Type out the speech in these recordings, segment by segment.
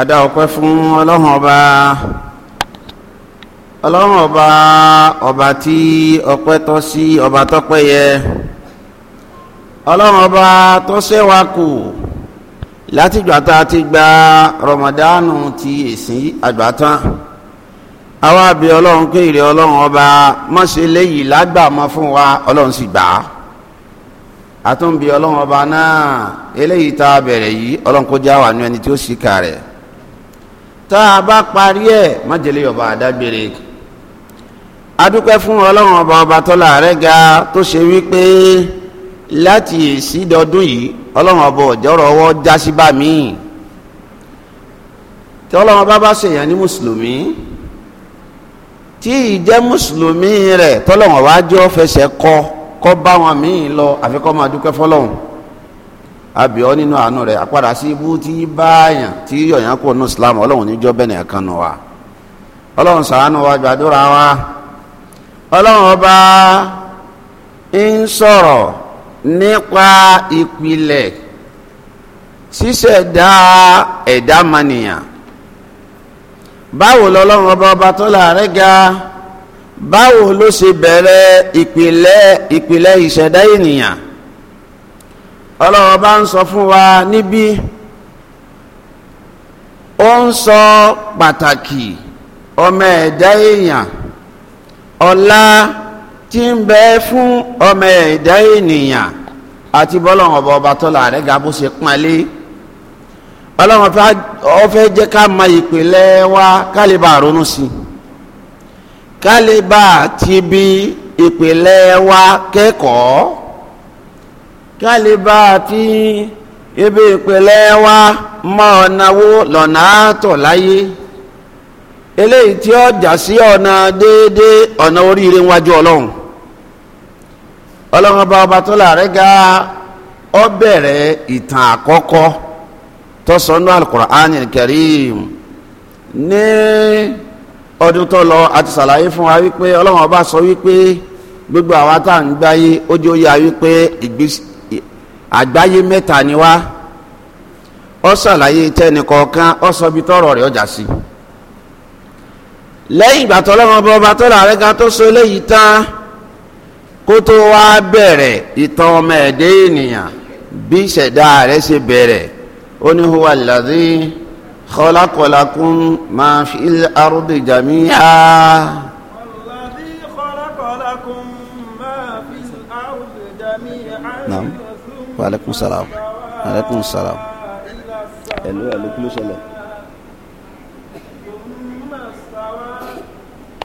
adá ọpẹ́ fún ọlọ́run ọba ọlọ́run ọba ọba tí ọpẹ́ tọ́ sí ọba tọ́pẹ́ yẹ ọlọ́run ọba tó ṣẹ́wà kù látìgbà tá a ti gba rọmọdánù ti ẹ̀sìn àgbàtán àwa àbí ọlọ́run pé ìrẹ̀ ọlọ́run ọba má ṣe léyìí lágbàmọ́ fún wa ọlọ́run sì gbà á àtúnbí ọlọ́run ọba náà eléyìí tá a bẹ̀rẹ̀ yìí ọlọ́run kó já wà nú ẹni tí ó ṣìkà rẹ̀ tá a bá parí ẹ̀ májèlé ọba àdágbére adúpẹ́ fún ọlọ́run ọba ọba tọ́lá rẹ̀ ga tó ṣe wípé láti ìsídọ̀ọ́dún yìí ọlọ́run ọba ọ̀jọ́rọ̀ ọwọ́ já sí bá mi tí ọlọ́run ọba bá ṣèyàn ní mùsùlùmí tí ìjẹ́ mùsùlùmí rẹ̀ tọ́lọ́run ọba jọ fẹsẹ̀ kọ kọ́ bá wọn míì lọ àfikọ́ máa dúpẹ́ fọlọ́run abiọ nínú àánú rẹ àpàdà sí ibú tí báyàn tí yọ̀yàn kò nù islam ọlọ́run níjọ́ bẹ́ẹ̀ nìyẹn kan nù wa ọlọ́run ṣàánú wa gbàdúrà wa ọlọ́run ọba ń sọ̀rọ̀ nípa ìpìlẹ̀ ṣíṣẹ̀dá ẹ̀dá mànìyàn báwo lọ́lọ́run ọba ọba tó láàrẹ́ ga báwo ló ṣe bẹ̀rẹ̀ ìpìlẹ̀ ìpìlẹ̀ ìṣẹ̀dá ènìyàn ọlọ́wọ́ bá ń sọ fún wa níbí ó ń sọ pàtàkì ọmọ ẹ̀dá èèyàn ọlá tí ń bẹ fún ọmọ ẹ̀dá ènìyàn àti bọ́lọ́wọ́ ọba tọ́lá rẹ̀ ga bó ṣe pọ́nlé ọlọ́wọ́ fẹ́ jẹ́ ká ma ìpìlẹ̀ wa ká ronú sí ti bí ìpìlẹ̀ wa kẹ́kọ̀ọ́. kálíbà àti ibi ìpìlẹ̀ wa mọ ọ̀nà wo lọ́nà àtọ̀ láyé eléyìí tí ó jà sí ọ̀nà déédé ọ̀nà oríire wájú ọlọ́run ọba ọba tó láàrẹ́ ga ọ bẹ̀rẹ̀ ìtàn àkọ́kọ́ tó sọ nínú alukur'an ní ọdún tó lọ wípé ọlọ́run ọba sọ wípé gbogbo àwa tá à ń wípé ìgbésí àgbáyé mẹ́ta ni wá ọ ṣàlàyé tẹnìkọ̀ọ̀kan ọ sọ ibi tọrọ rẹ̀ ọjà sí lẹ́yìn ìgbà tọ́lọ́mọ bọba tọ́lá rẹ̀ ga tó so léyìí tán kó tó wá bẹ̀rẹ̀ ìtàn ọmọ ẹ̀dẹ́ ènìyàn bí ìṣẹ̀dá rẹ̀ ṣe bẹ̀rẹ̀ ó ní huwa alladhi khalaqalakum ma fil ardi jami'a. aleykum salaam aleykum salaam. ẹ̀lú ẹ̀lú kí ló ṣẹlẹ̀.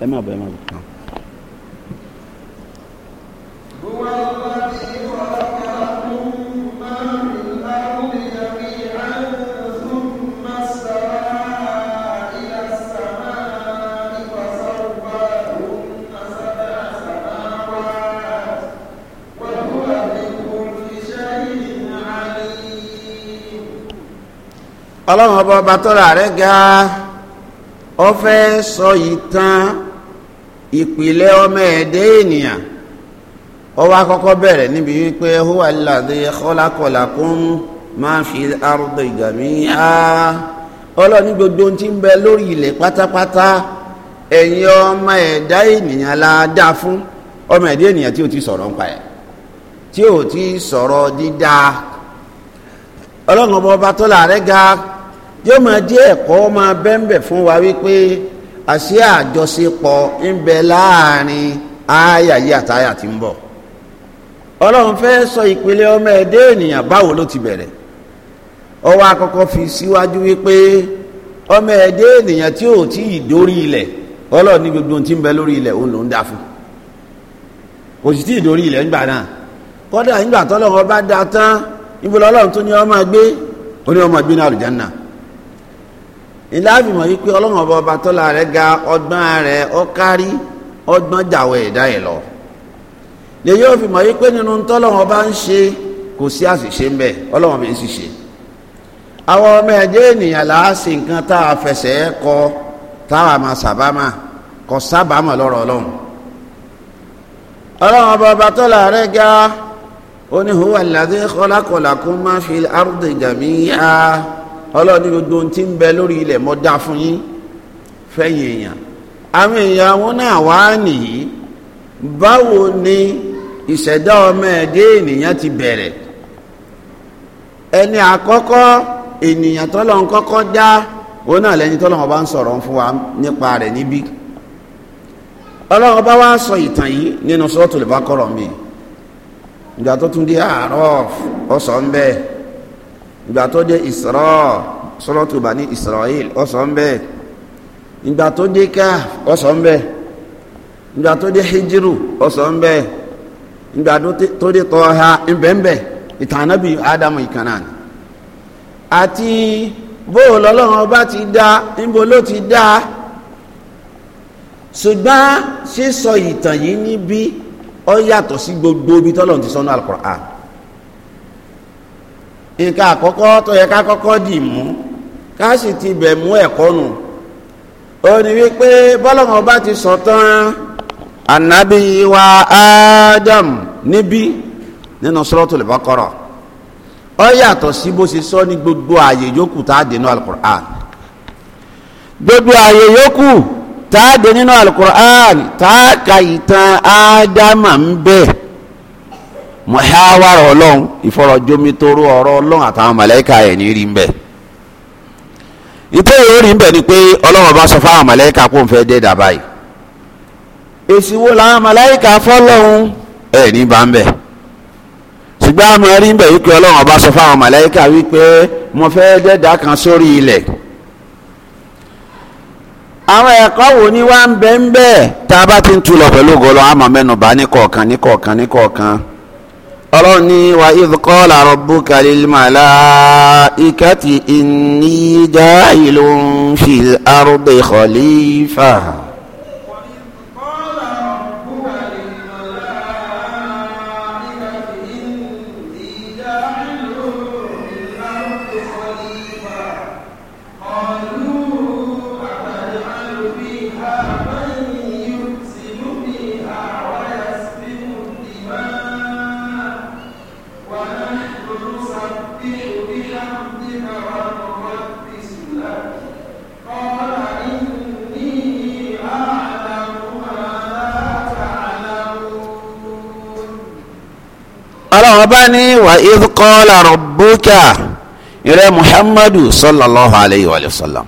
ẹ má bọ̀ ẹ má bọ̀. ọlọ́run ọba ọba tọ́ra rẹ̀ ga ọ fẹ́ sọ ìtàn ìpìlẹ̀ ọmọ ẹ̀dẹ́ ènìyàn ó wá kọ́kọ́ bẹ̀rẹ̀ níbi wípé huwa alladhi khalaqa lakum ma fi ardi jami'a ọlọ́run gbogbo tí ń bẹ lórí ilẹ̀ pátápátá ẹ̀yin ọmọ ẹ̀dá ènìyàn la dá fún ọmọ ẹ̀dá ènìyàn tí ó ti sọ̀rọ̀ nípa ẹ̀ tí ó ti sọ̀rọ̀ dídá ọlọ́run ọba ọba tọ́lá rẹ̀ ga yóò máa jẹ́ ẹ̀kọ́ máa bẹ́ńbẹ̀ fún wa wípé àṣẹ àjọṣepọ̀ ń bẹ láàrin ááyà yìí àtàyà ń bọ̀ ọlọ́run fẹ́ sọ ìpele ọmọ ẹ̀dẹ́ ènìyàn báwo ló ti bẹ̀rẹ̀ ọwọ́ wá fi síwájú wípé ọmọ ẹ̀dẹ́ ènìyàn tí ò tí ì dórí ilẹ̀ ọlọ́run ní gbogbo ohun tí ń bẹ lórí ilẹ̀ òun ló ń dá fún kò sì tí ì dórí ilẹ̀ nígbà náà kọ́dà nígbà ìlàfimọ̀ yìí pé ọlọ́run ọba ọba tọ́lá rẹ̀ ga ọgbọ́n rẹ̀ ó kárí ọgbọ́n jàwọ́ ẹ̀dá ẹ̀ lọ lèyí ó fi mọ̀ yìí pé nínú tọ́lọ́run ọba ń ṣe kò sí àṣìṣe ń bẹ ọlọ́run mi ń ṣiṣẹ́ àwọn ọmọ ẹ̀jẹ̀ ènìyàn là á ṣe nǹkan tá a fẹsẹ̀ kọ tá a máa ṣàbámà kọ sábàámọ̀ lọ́rọ̀ ọlọ́run ọlọ́run ọba ọba tọ́lá rẹ̀ ga ó ní ọlọ́run ní gbogbo ohun tí ń bẹ lórí ilẹ̀ mọ́ dá fún yín fẹ́yìn èèyàn àwọn èèyàn wọn náà wá nìyí báwo ni ìṣẹ̀dá ọmọ ẹ̀dẹ́ ènìyàn ti bẹ̀rẹ̀ ẹni àkọ́kọ́ ènìyàn tọ́lọ́run kọ́kọ́ dá òun náà lẹ́ni tọ́lọ́run bá ń sọ̀rọ̀ fún wa nípa rẹ̀ níbí ọlọ́run bá wá sọ ìtàn yìí nínú sọ́ọ̀tù lè bá kọ̀rọ̀ mi ìgbà tó tún dé àárọ̀ ọ̀sán bẹ́ẹ̀ ìgbà tó dé Isra sọ́lọ́tù bá ní Israel ọ̀sán bẹ́ẹ̀ ìgbà tó dé Kahf ọ̀sán bẹ́ẹ̀ ìgbà tó dé hijiru ọ̀sán bẹ́ẹ̀ ìgbà tó dé Tọ́ha ìbẹ̀ǹbẹ̀ ìtànàbí Ádámù ìkànnà àti bóò lọ́lọ́run ọba ti dá níbo ló ti dá ṣùgbọ́n sísọ ìtàn yìí níbí ó yàtọ̀ sí gbogbo ibi tọ́lọ́run ti sọ́nà Al-Qur'an nǹkan àkọ́kọ́ tó yẹ ká kọ́kọ́ dì mú ká sì ti bẹ̀ mú ẹ̀kọ́ nù ó ní wípé bọ́lọ́mọ bá ti sọ tán ànábì wa Adam níbí nínú Suratul Baqara ó yàtọ̀ sí bó ṣe sọ ní gbogbo ààyè yòókù tá a dé nínú Al-Qur'an gbogbo ààyè yòókù tá a dé nínú Al-Qur'an tá a kà ìtàn Ádámà ń bẹ́ẹ̀. mọ̀háwárà ọlọ́run ìfọ̀rọ̀jomitoro ọ̀rọ̀ ọlọ́run àtàwọn mọ̀lẹ́kà ẹ̀ ní rí ń bẹ̀. ìtẹ́yẹ̀ ó rí ń bẹ̀ ni pé ọlọ́run bá sọ fáwọn mọ̀lẹ́kà kó ń fẹ́ dé dàbá yìí. èsì wo làwọn mọ̀lẹ́kà fọ́lọ́run ẹ̀ ní bá ń bẹ̀. ṣùgbọ́n àmọ́ rí ń wípé ọlọ́run bá sọ fáwọn mọ̀lẹ́kà wípé mo fẹ́ kan sórí ilẹ̀. àwọn ẹ̀kọ́ ni wá ti ń tulọ̀ pẹ̀lú àmọ́ mẹ́nu bá ọlọ́run ní wa ìfọkọ́lá rabbuka lil malaikati inni ja'ilun fil ardi khalifa. ní wà ìdúkọ́lá rọ̀bùkà ìrẹ́ muhammadu sallallahu alayhi wa sallam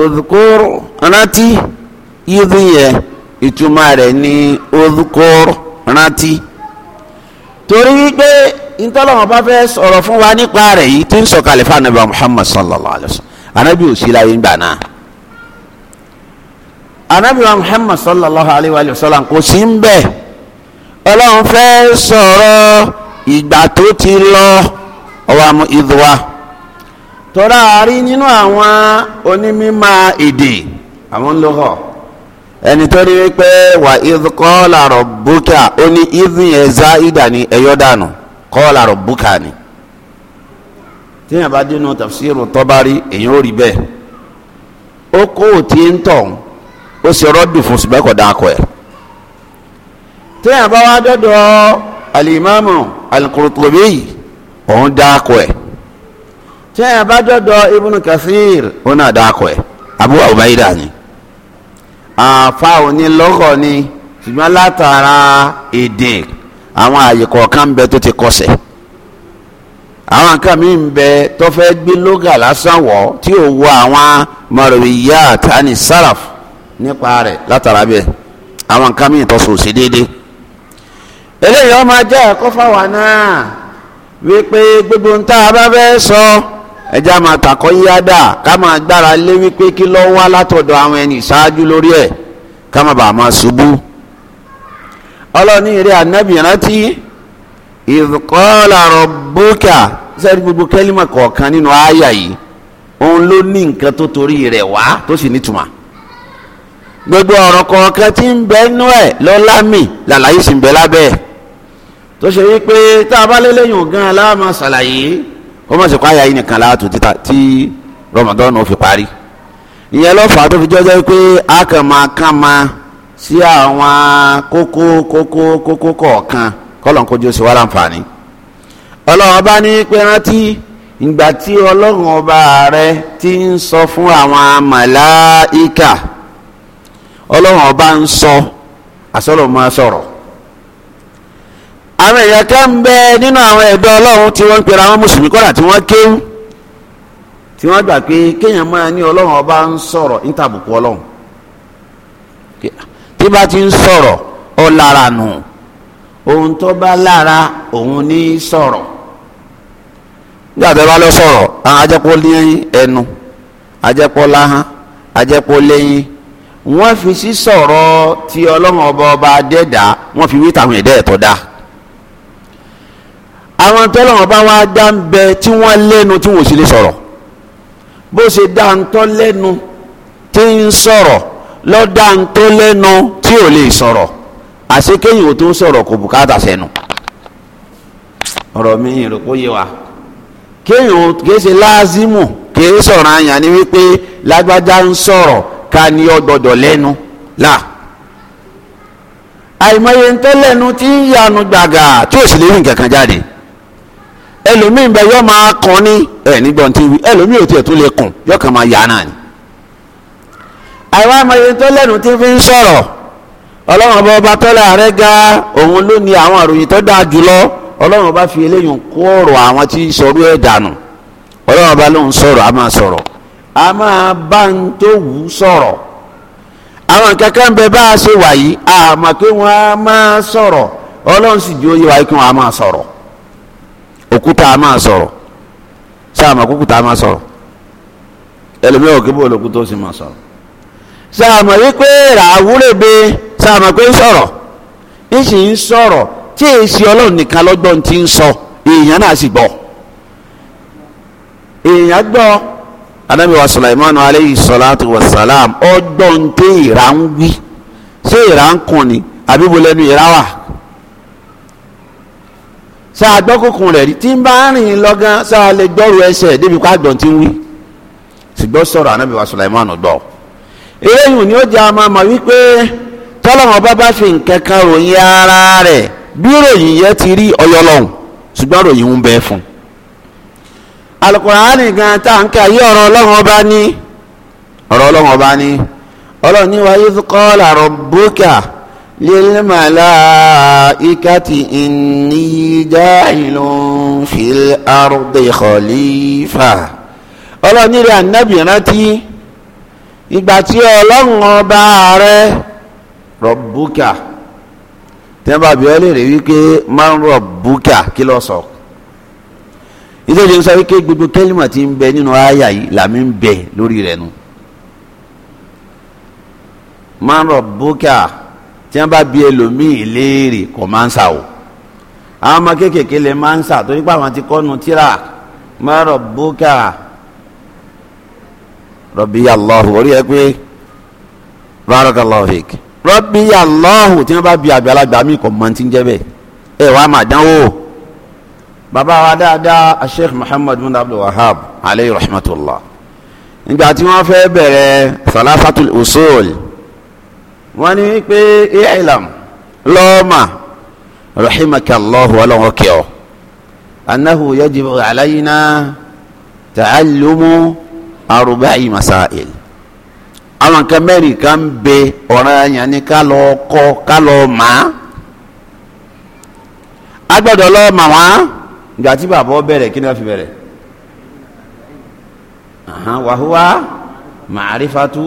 òdùkúrú rántí yíyí yẹ ìtumọ̀ rẹ̀ ní òdùkúrú rántí torí wípé ntọ́lọ́wọ́n bá fẹ́ sọ̀rọ̀ fún wa nípa rẹ̀ yìí tí ń sọ kàlífà ànábì muhammad sallallahu alayhi wa sallam ànábì ò sí láyé ńgbà náà ànábì muhammad sallallahu alayhi wa sallam kò sí ń bẹ̀ ọlọ́run fẹ́ sọ̀rọ̀. ìgbà tó ti lọ ọwọ́ mu ìdùwà tọ́ra àárí nínú àwọn onímọ̀ èdè àwọn ń lò họ ẹni tó rí wípé wà ìdù kọ́ọ̀lá rọ̀ búkà ó ní ìdù yẹn zá ìdà ní ẹ̀yọ́ dànù kọ́ọ̀lá rọ̀ búkà ni tíyẹn bá dínú tafsiru tọ́bárí èyàn ò rí bẹ́ẹ̀ ó kó òtí ń tọ̀ ó sì rọ́dù fún ṣùgbọ́n kò dáa ẹ̀ tíyẹn bá wá dọ́dọ̀ alìmáàmù al-Qurtubi òun dákọ̀ ẹ̀ tí ẹ bá dọ́dọ̀ Ibn ọ na náà dákọ̀ ẹ̀ Abu Ubaida ni àfa òní lọ́kọ̀ ni ṣùgbọ́n látara èdè àwọn àyè kọ̀ọ̀kan ń bẹ tó ti kọsẹ̀ àwọn nǹkan mi bẹ tọfẹ gbé lóga lásán wọ̀ tí ò wọ àwọn marwiyat àti salaf nípa rẹ̀ látara bẹ́ẹ̀ àwọn nǹkan mi déédéé eléyìí ọmọ ajá ẹ̀kọ́ fáwa náà wípé gbogbo ń tá a bá sọ ẹja máa tàkọ́ yíyádà ká máa gbára lé wípé kí lọ́ wá látọ̀dọ̀ àwọn ẹni ìṣáájú lórí ẹ̀ ká má bàa máa ṣubú. ọlọ́ọ̀ni ìrẹ́ ànábì rántí ìkọ́lá rọ̀bùkà sẹ́ni gbogbo kẹ́límà kọ̀ọ̀kan nínú àyà yìí òun ló ní nǹkan tó torí rẹ̀ wá tó gbogbo ọ̀rọ̀ kọ̀ọ̀kan tí ń nú ẹ̀ làlàyé sì ń tó ṣe yí pé tá a bá lé lẹ́yìn gan aláàmà ṣàlàyé ó má sì kó àyà yìí nìkan láàtò títà tí rọmọdọ́nù fi parí ìyẹn ló fà á tó fi jọ́jọ́ pé a kàn máa kàn máa sí àwọn kókó kókó kókó kọ̀ọ̀kan kọ́lọ̀n kójú sí wa láǹfààní ọlọ́run ọba ní pé rántí ìgbà tí ọlọ́run ọba rẹ ti ń sọ fún àwọn màláìka ọlọ́run ọba ń sọ àsọ̀rọ̀ máa sọ̀rọ̀ àwọn èèyàn kan nínú àwọn ẹ̀dọ́ ọlọ́run tí wọ́n ń pera àwọn mùsùlùmí kọ́dà tí wọ́n kéwú tí wọ́n gbà pé kéèyàn máa ní ọlọ́run ọba ń sọ̀rọ̀ ń ọlọ́run tí bá ti ń sọ̀rọ̀ ọ nù ohun tó bá lára òun ní sọ̀rọ̀ nígbà tó sọ̀rọ̀ àwọn ajẹ́pọ̀ ẹnu ajẹ́pọ̀ àwọn tọ́lọ́wọ́n bá wá dá ń bẹ tí wọ́n lẹ́nu tí wọ́n sì lè sọ̀rọ̀ bó ṣe dá ń tọ́ lẹ́nu tí ń sọ̀rọ̀ lọ́dá ń tó lẹ́nu tí ò lè sọ̀rọ̀ àṣekéyìn ò tó ń sọ̀rọ̀ kò bùkátà sẹ́nu ọ̀rọ̀ mi ìrò kó yé wa kéèyàn kìí ṣe láàzímù kìí sọ̀rọ̀ àyàn ni wípé lágbájá ń sọ̀rọ̀ ká ní ọgbọ́dọ̀ lẹ́nu là àìmọye ń tọ́ lẹ́nu tí ń yanu gbàgà tí ò sì lè rí nǹkan jáde ẹlòmíì bẹ yọ máa kàn ní ẹ nígbọ̀n tí wí ẹlòmíì ò tiẹ̀ tó lè kàn yọ kàn máa yà náà ni. àwa amọ̀ye tó lẹ́nu tí fi ń sọ̀rọ̀ ọlọ́run ọba ọba tọ́lẹ̀ ààrẹ ga òun ló ní àwọn àròyìn tó dáa jùlọ ọlọ́run ọba fi eléyìí kó ọ̀rọ̀ àwọn tí ń sọ̀rọ̀ ẹ̀ dànù ọlọ́run ọba ló sọ̀rọ̀ a máa sọ̀rọ̀ a máa bá ń tó wù sọ̀rọ̀ àwọn kankan bẹ bá a ṣe wà àmọ́ pé wọ́n á máa sọ̀rọ̀ ọlọ́run sì ju oyè wáyé kí wọ́n á máa sọ̀rọ̀ òkúta a máa sọ̀rọ̀ sáàmà òkúta a máa sọ̀rọ̀ ẹlòmíràn òkè bóyá olókùn tó sì máa sọ̀rọ̀ sáàmà wípé ràwúrèbe sáàmà pé ń sọ̀rọ̀ ń sì ń sọ̀rọ̀ tí èsì ọlọ́run nìkan lọ́gbọ́n ti ń sọ èèyàn náà sì gbọ́ èèyàn gbọ́ anabi sulaimanu aleyhi salatu wa salam ọgbọ́n tí ìrà ń wí ṣé ìrà ń kùn ni àbí bolẹ́nu ìrà wà sá àgbọ́kùnkùn rẹ̀ tí ń bá rìn lọ́gán sá lè gbọ́rù ẹsẹ̀ débi ti ń wí ṣùgbọ́n sọ̀rọ̀ anábì wa Sulaimanu gbọ́ eléyìí ni ó jẹ́ wípé tọ́lọ́mọ bá bá fi nǹkan kan ara rẹ̀ bí ròyìn yẹn ti rí ọyọ lọ́hùn ṣùgbọ́n ròyìn ń bẹ́ fún un tá à yí ọ̀rọ̀ ọlọ́run ọba ní للملائكة إني جاعل في الأرض خليفة ọlọ́run nílẹ̀ ànábì rántí ìgbà tí ọlọ́run ọba rẹ rọ̀bùkà tẹ́nbà bí ọ lè rí wípé máa ń rọ̀bùkà kí lọ sọ ìdíje ń sọ wípé gbogbo kẹ́límọ̀ tí ń bẹ nínú àyà yìí làmí ń bẹ lórí rẹ̀ nu máa ń rọ̀bùkà tí wọ́n bá bi ẹlòmíì léèrè kò máa ń sà o àwọn ọmọ kéékèèké lè máa ń sà torí pé àwọn ti kọ́nu tíra mọ́rọ̀ bókà rọ̀bì allahu orí ẹ pé barakallahu hik rọ̀bì allahu tí wọ́n bá bi àgbàlagbà mi kò mọ̀ ní ti ń jẹ́ ẹ wàá mà dánwò bàbá wa dáadáa sheikh muhammad bin abdul wahab alayhi rahmatullah nígbà tí wọ́n fẹ́ bẹ̀rẹ̀ salafatul usul wọ́n ní pé ilam lọ́ọ̀mà rahimakallahu ọlọ́run kẹ́ ọ anahu yajibu alayna ta'allumu arba'i masail àwọn nǹkan mẹ́rin kan ń bẹ ọ̀ràn yẹn ni ká lọ kọ́ ká lọ mọ̀ á agbọ́dọ̀ lọ mọ̀ wá ìgbà tí bàbá ọ bẹ̀rẹ̀ kí ni wọ́n fi bẹ̀rẹ̀ wàhúwá màrífàtú.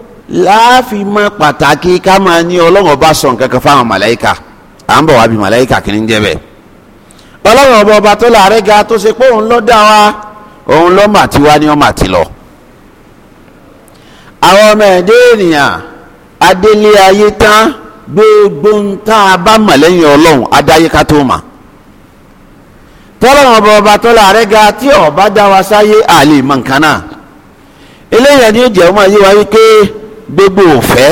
láàfin mọ pàtàkì ká máa ní ọlọ́run ọba sọ nǹkan kan fáwọn màláìka à ń bọ̀ wá bí màláìka kì í jẹ́ bẹ́ẹ̀ ọlọ́run ọba ọba tó láàrẹ́ ga tó ṣe pé òun ló dá wa òun ló mà ti wá ní ọmọ àti lọ. àwọn ọmọ ẹ̀dẹ́ ènìyàn adélé ayé tán gbogbo ń tá a bá mọ̀ lẹ́yìn ọlọ́run adáyé ká tó mà tọ́lọ́run ọba ọba tó láàrẹ́ ga tí ọba dá wa sáyé àlè mọ̀nkánná eléyìí ẹni gbogbo òfẹ́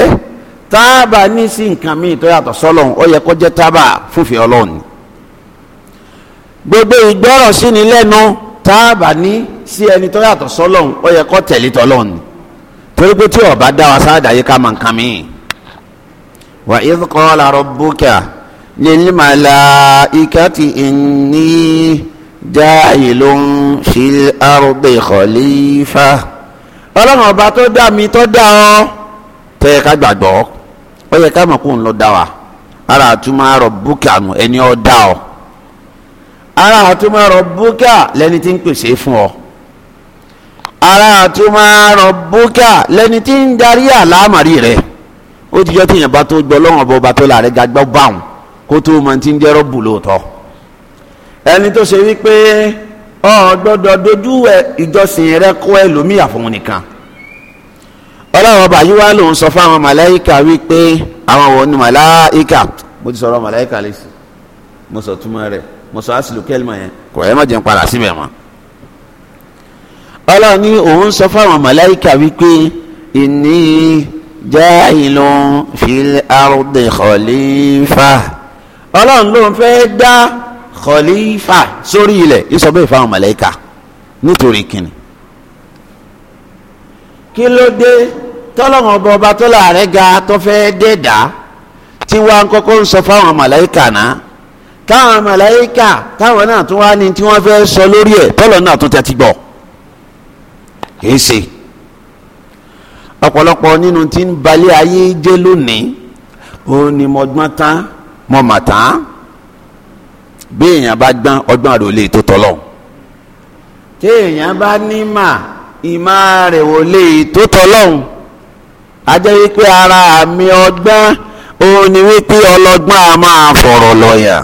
táàbà ní sí nǹkan míì tó yàtọ̀ sọ́lọ́hún ó yẹ kó jẹ́ táàbà fúnfẹ́ ọlọ́run gbogbo ìgbọ́rọ̀ sí ni lẹ́nu táàbà ní sí ẹni tó yàtọ̀ sọ́lọ́hún ó yẹ kó tẹ̀lé tọ́lọ́run torí pé tí ọba dá wa sáàdà yìí ká máa nǹkan míì wà idh qala rabbuka lil malaikati inni ja'ilun fil ardi khalifa ọlọ́run ọba tó dá mi tó dá ọ tó yẹ ká gbàgbọ́ ó yẹ ká mọ̀ kó ń lọ dá wa ara àtúmọ̀ àrọ̀ búkà nù ẹni ọ dá ọ ara àtúmọ̀ àrọ̀ búkà lẹ́ni tí ń pèsè fún ọ ara àtúmọ̀ àrọ̀ búkà lẹ́ni tí ń darí àlámàrí rẹ ó ti jọ́ tí yẹn bá tó gbọ́ lọ́wọ́n bọ́ bá tó la rẹ gbàgbọ́ báwọn kó tó mọ ti ń jẹ́ rọ́bù lóòótọ́ ẹni tó ṣe wípé ọ gbọ́dọ̀ dojú ìjọsìn rẹ kó ẹlòmíyà fún nìkan ọlọ́run ọba yìí wá lòun sọ fáwọn màláìka wípé àwọn wo ni màláìka mo ti sọ̀rọ̀ màláìka lẹ́sì mo sọ túmọ̀ rẹ̀ mo sọ asilu kẹ́lìmọ̀ yẹn kò ẹ má jẹun padà síbẹ̀ mọ́. ọlọ́run ní òun sọ fáwọn màláìka wípé ìní ja'ilun fil ardi khalifa ọlọ́run ló fẹ́ dá khalifa sórí ilẹ̀ ìsọ̀bẹ́ ìfáwọn màláìka nítorí kìnnì kí ló dé tọ́lọ́wọ́n ọba ọba tó láàrẹ́ ga tó fẹ́ dé dá tí wọ́n kọ́kọ́ ń sọ fáwọn màláìkà náà káwọn màláìkà táwọn náà tún wá ní tí wọ́n fẹ́ sọ lórí ẹ̀ tọ́lọ́ náà tún tẹ́tí gbọ́ kìí ṣe ọ̀pọ̀lọpọ̀ nínú tí ń balẹ̀ ayé jẹ́ lónìí òun ni mo gbọ́n tán mo mà tán bí èèyàn bá gbọ́n ọgbọ́n rẹ̀ lè tó tọ́lọ́ tí èèyàn bá ní mà ìmọ̀ rẹ̀ ò lè tó tọ́lọ́hún ajẹ́ wípé ara àmì ọgbọ́n òun ni wípé ọlọ́gbọ́n a máa fọ̀rọ̀ lọ́yà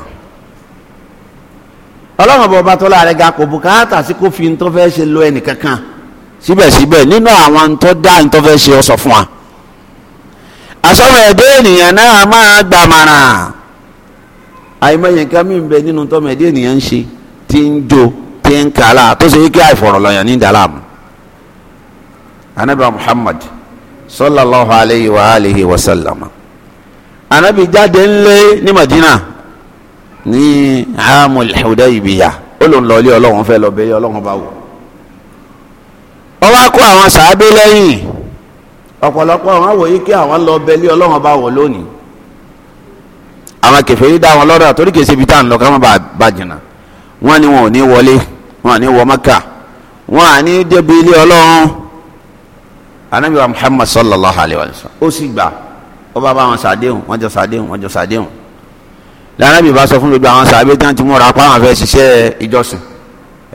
ọlọ́run bọba tọ́lá rẹ̀ ga kò bùkátà sí kó fi ntọ́ fẹ́ ṣe lo ẹnìkankan síbẹ̀síbẹ̀ nínú àwọn ntọ́ dá ntọ́ fẹ́ ṣe ọsọ fún wa àsọ̀rọ̀ ẹ̀dẹ́ ènìyàn náà máa gbàmàrà àìmọye nǹkan mí bẹ nínú tọ́mọ ènìyàn ń ṣe tí ń jó tí ń kàlà tó ṣe wípé àìfọ̀rọ̀ lọ́yà ní ìdálàmù anabi muhammad sallallahu alayhi wa alihi wa sallam anabi jáde ńlẹ ní madina ní amul hudaybiya olùlọlẹ ọlọ́run fẹ́ lọ bẹyẹ ọlọ́run bá wò ó wá kó àwọn sàábé lẹ́yìn ọ̀pọ̀lọpọ̀ àwọn àwòyí kí àwọn lọ bẹlẹ ọlọ́run bá wò lónìí àwọn kèfèrí dá wọn lọ́dọ̀ torí kèsì ibi tá à ń lọ ká má bàa jìnnà wọn ni wọn ò ní wọlé wọn à ní wọ maka wọn à ní débi ilé ọlọ́run anabi wa muhammad sallallahu alayhi wa sallam ó sì gbà ó bá bá wọn sàdéhùn wọn jọ sàdéhùn wọn jọ sàdéhùn lànàbì bá sọ fún gbogbo àwọn sàbẹ tí wọn ti múra pa àwọn fẹ́ ṣiṣẹ́ ìjọsìn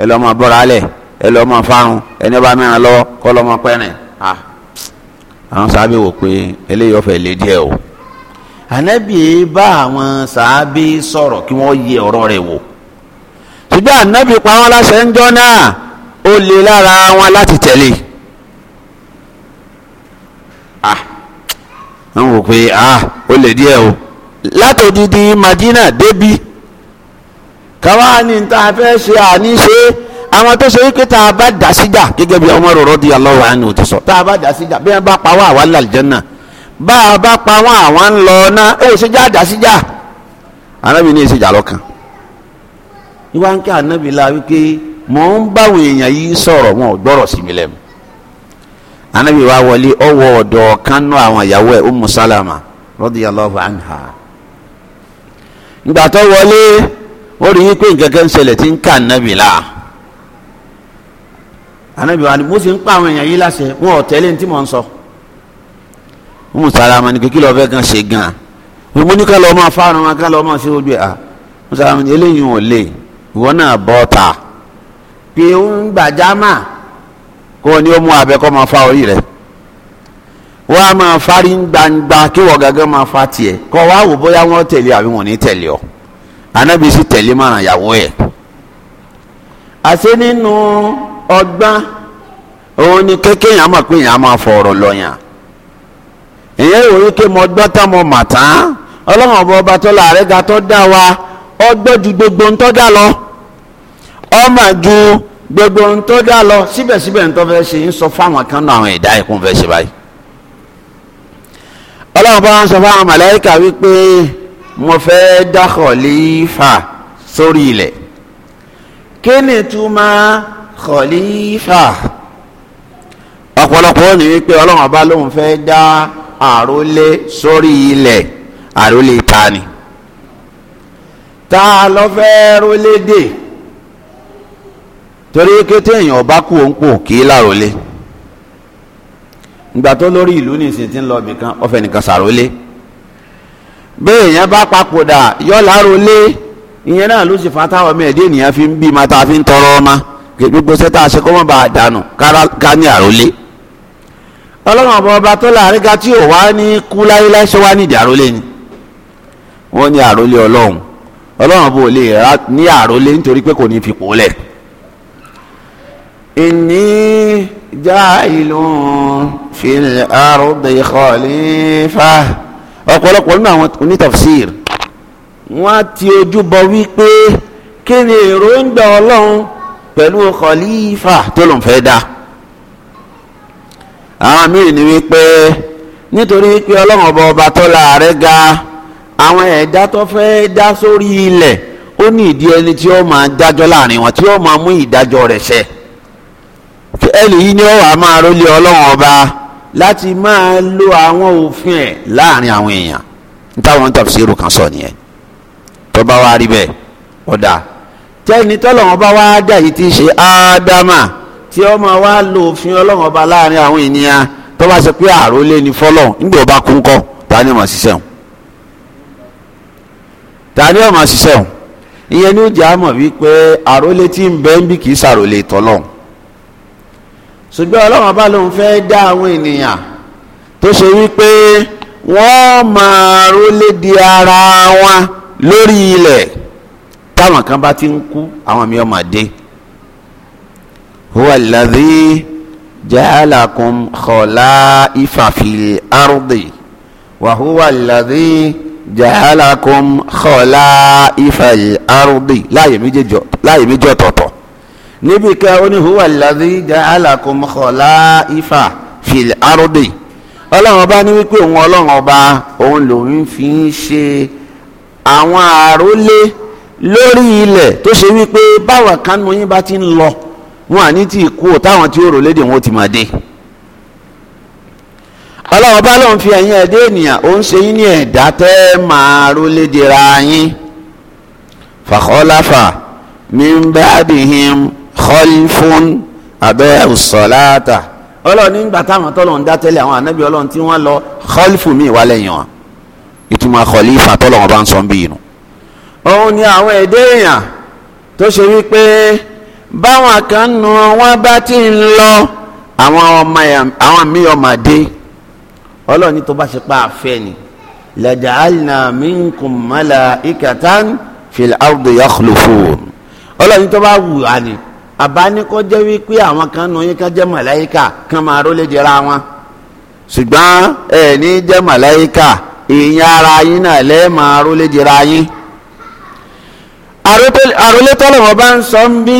ẹ lọ máa bọra alẹ ẹ lọ máa farun ẹni bá mẹ́rin lọ́wọ́ kọ lọ máa pẹrin ah àwọn sàbẹ wò pé eléyìí ọ̀fẹ́ lè díẹ̀ o ànábì bá àwọn sàbẹ sọ̀rọ̀ kí wọn yẹ ọ̀rọ̀ rẹ̀ wò ṣùgbọ́n ànábì pa wọn láṣẹ ń jọ náà ó le lára wọn láti tẹ̀lé. ń wò pé ah ó lè díẹ̀ o látòdìdí madina débi káwá ni ta fẹ́ ṣe àníṣe àwọn tó ṣe wípé tá a bá dà síjà gẹ́gẹ́ bí Umar radiyallahu anhu ti sọ tá a bá dà síjà bí wọ́n bá pa wọ́n àwa làlìjẹ́nà bá a bá pa wọ́n àwa ń lọ náà ó ṣe já dà síjà anábì ní ìṣèjà lọ́kàn ìwà ń kí anábì la wípé mò ń báwọn èèyàn yìí sọ̀rọ̀ wọn ò gbọ́rọ̀ sí mi lẹ́nu anabi wa wọlé ọwọ́ ọ̀dọ̀ kan nú àwọn umu salama radiyallahu anha ìgbà tó wọlé ó rí i pé nǹkan kan ṣẹlẹ̀ tí ń kà nábì láà anabi wa mo sì ń pa àwọn èèyàn yìí wọn ò tẹ́lẹ̀ ní tí mò umu salama ni kékeré ọ̀fẹ́ gan ṣe gan mo ní ká lọ́ọ́ máa fárun ká lọ́ọ́ máa ṣe ojú ẹ̀ à umu salama ni eléyìí ò lè ìwọ náà bọ́ ta pé ó ń gbàjámà. kó ní ó mú abẹ kó máa fa orí rẹ wọ́n á máa fari gbangba kí wọ́n ma máa fa tiẹ̀ kọ́ wá wò bóyá wọ́n tẹ̀lé àbí wọ́n ní tẹ̀lé ọ anábì sì ma márùn ìyàwó ẹ̀ Ase nínú ọgbọ́n òun ni kékeré yẹn á pé yẹn á máa fọ̀rọ̀ lọ́yàn ìyẹn ìwòye ké mọ ọgbọ́n tá mà tán ọlọ́run ọba ọba wa ọgbọ́n ju gbogbo ń lọ ọmọ ju gbogbo ohun tó dá lọ síbẹ̀síbẹ̀ ń tó fẹ́ ṣe ń sọ fáwọn kan náà àwọn ẹ̀dá ẹ̀kún fẹ́ ṣe báyìí ọlọ́run bá ń sọ fáwọn màláìka wípé mo fẹ́ dá khalifa sórí ilẹ̀ kí ni túmọ̀ khalifa ọ̀pọ̀lọpọ̀ ó wípé ọlọ́run ọba lóun fẹ́ dá àrólé sórí ilẹ̀ àrólé ta ni ta ló fẹ́ rólé dè. torí pé téèyàn ọba kú òǹpò kì í láròlé ìgbà tó lórí ìlú nìsín tí ń lọ ibìkan ọfẹ nìkan sàrólé bẹ́ẹ̀ bá papòdà yọ láròlé ìyẹn náà ló sì fa ọmọ ẹ̀dẹ́ ènìyàn fi ń bí ma fi ń ọma gbogbo sẹ́tà bá a dànù ká ní àrólé ọlọ́run ọba ọba tó tí ò wá ní kú ni wọ́n ní àrólé ọlọ́run ọlọ́run lè ní àrólé nítorí pé kò ní fipò lẹ̀ إني جاعل في الأرض خليفة ọ̀pọ̀lọpọ̀ nínú àwọn onítafsir wọ́n ti ojú bọ wípé kí ni èròǹgbà ọlọ́run pẹ̀lú khalifa tó lòun fẹ́ dá àwọn míì ní wípé nítorí pé ọlọ́run ọba ọba tó láàrẹ́ ga àwọn ẹ̀dá tó fẹ́ dá sórí ilẹ̀ ó ní ìdí ẹni tí ó máa dájọ́ láàrin wọn tí ó máa mú ìdájọ́ rẹ̀ ṣẹ ẹnì yìí ni ó wàá máa rólé ọlọ́run ọba láti máa lo àwọn òfin ẹ̀ láàrin àwọn èèyàn nítawọn tafsiru kan sọ nìyẹn tó bá wá rí bẹ́ẹ̀ ó dáa tẹ́ni tọ́lọ́run ọba wá dá yìí ti ṣe ádámà tí ó máa wá lo òfin ọlọ́run ọba láàrin àwọn ènìyàn tó bá sọ pé àrólé ni fọlọ́run nígbà ó bá kú ńkọ́ ta ni ó máa ṣiṣẹ́ òun ta ni ó máa ṣiṣẹ́ òun ìyẹn ni ó jẹ́ àmọ̀ wípé àrólé tí ń bẹ ń bí kì í ṣàrólé tọ́lọ́run ṣùgbọ́n ọlọ́run bá lóun fẹ́ dá àwọn ènìyàn tó ṣe wípé wọ́n máa rólé di ara wọn lórí ilẹ̀ táwọn kan bá ti ń kú àwọn mi ọmọ dé huwa alladhi ja'alakum khala'ifa fil ardi wa huwa alladhi ja'alakum khala'ifa al ardi láàyè méjì ọ̀tọ̀ọ̀tọ̀ níbi ká ó ní huwa alladhi ja'alakum khala'ifa fil ardi ọlọ́run ọba ní wípé òun ọlọ́run ọba òun lòun fi ń ṣe àwọn àrólé lórí ilẹ̀ tó ṣe wípé báwọn kan nu yín bá ti ń lọ wọn àní tí kú ò táwọn tí ó rò lédè wọn ó ti máa dé ọlọ́run ọba lòun fi ẹ̀yin ẹ̀dẹ́ ènìyàn òun ṣe yín ní ẹ̀dá tẹ́ máa rólé dira yín fakhalafa min ba'dihim khalfun abẹ́ sọ̀láàtà ọlọ́run nígbà táwọn tọ́lọ́run dá tẹ́lẹ̀ àwọn ànábì ọlọ́run tí wọ́n lọ khalfu mi wà lẹ́yìn wọn ìtumọ̀ khalifa tọ́lọ́run bá ń sọ bí inú. òun ni àwọn èdè èèyàn tó ṣe wípé báwọn kan nu wọn bá ti ń lọ àwọn ọmọ àwọn mi ọmọ dé ọlọ́run ní tó bá ṣe pa àfẹ́ ni laja'alna minkum malaikatan fil ardi yakhlufun ọlọ́run ní tó bá wù á ni àbáníkọ́ jẹ́ wípé àwọn kan nù yín kan jẹ́ màláyíkà kan máa rólé jẹra wọn ṣùgbọ́n ẹ ní jẹ́ màláyíkà ìyẹn ara yín náà lẹ́ẹ̀ máa rólé jẹra yín àrólé tọ́lọ̀ wọn bá ń sọ ń bí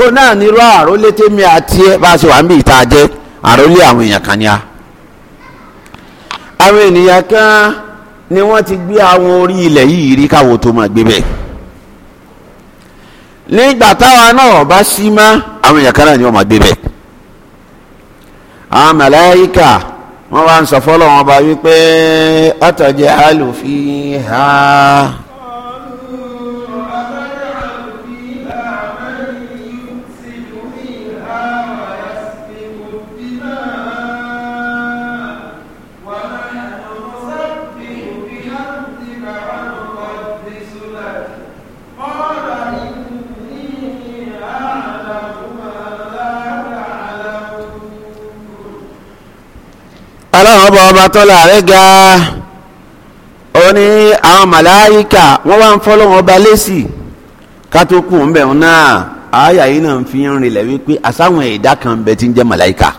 ó náà nírú àrólé àti ẹ bá a ṣe wà ń bí ìta jẹ àrólé àwọn èèyàn kan ni a àwọn ènìyàn kan ni wọ́n ti gbé àwọn orí ilẹ̀ yìí rí káwọn tó máa gbé bẹ́ẹ̀ nígbà táwa náà bá sí mọ́ àwọn èèyàn kan náà ni wọ́n máa débẹ̀ àwọn màláíkà wọ́n wá ń sọ fọ́lọ́ wọn bá wípé ọ̀tọ̀jẹ̀ àlùfíà. ọlọ́run ọba ọba tó láàrẹ́ ga ó ní àwọn màláyíkà wọ́n wá ń fọ́lọ́run ọba lésì kátókù ń bẹ̀rún náà àáyà yìí náà fi ń rinlẹ̀ wípé àsáwọn ẹ̀dá kan bẹ ti ń jẹ́ màláyíkà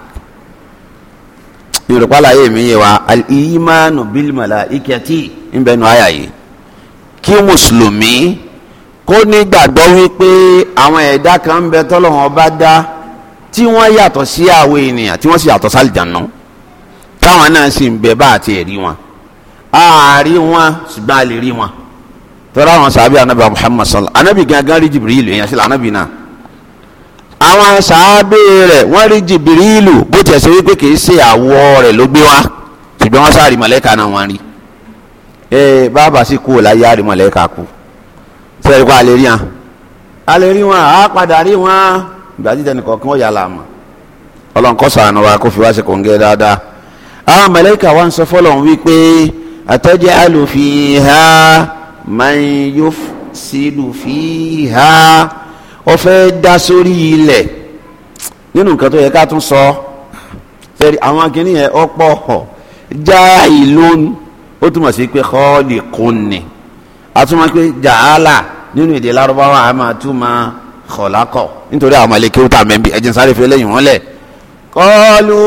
yorùbá láyé mi yé wa al-imanu bil ń bẹnu àáyà yìí kí mùsùlùmí kó nígbàgbọ́ wípé àwọn ẹ̀dá kan bẹ tọ́lọ́run ọba dá tí wọ́n yàtọ̀ sí àwọn ènìyàn tí wọ́n sì yàtọ̀ sálìjànú. No? táwọn náà sì ń bẹ bá àti ẹ̀rí wọn àárí wọn ṣùgbọ́n a lè rí wọn tọ́lá àwọn sàábì anabi muhammad sọlá anabi gangan rí jìbìrìlù èèyàn sílẹ̀ anabi náà àwọn sàábì rẹ̀ wọ́n rí jìbìrìlù bó tiẹ̀ ṣe wípé kì í ṣe àwọ̀ rẹ̀ ló gbé wá ṣùgbọ́n wọ́n sáré mọ̀lẹ́ka náà wọ́n rí ee bàbá sì kú láyé àrí mọ̀lẹ́ka kú sẹ́yìn kó a lè rí wọn a a padà rí wọn ìgbà nìkan kí wọ́n yà àná àwọn màláíkà wa ń sọ fọ́lọ́run wípé ataj'alu fiha man yufsidu fiha ó fẹ́ dá sórí ilẹ̀ nínú nǹkan tó yẹ ká tún sọ fẹ́rí àwọn akíní yẹn ọ̀pọ̀ ọ̀ ja'ilun ó túmọ̀ sí pé khaliqun ni àtúmọ̀ pé jàálà nínú èdè lárúbáwá a máa túmọ̀ khalaqo nítorí àwọn màláíkà ó ta mẹ́bí ẹ̀jẹ̀ sáré fi lẹ́yìn wọn lẹ̀ kọ́ọ́lù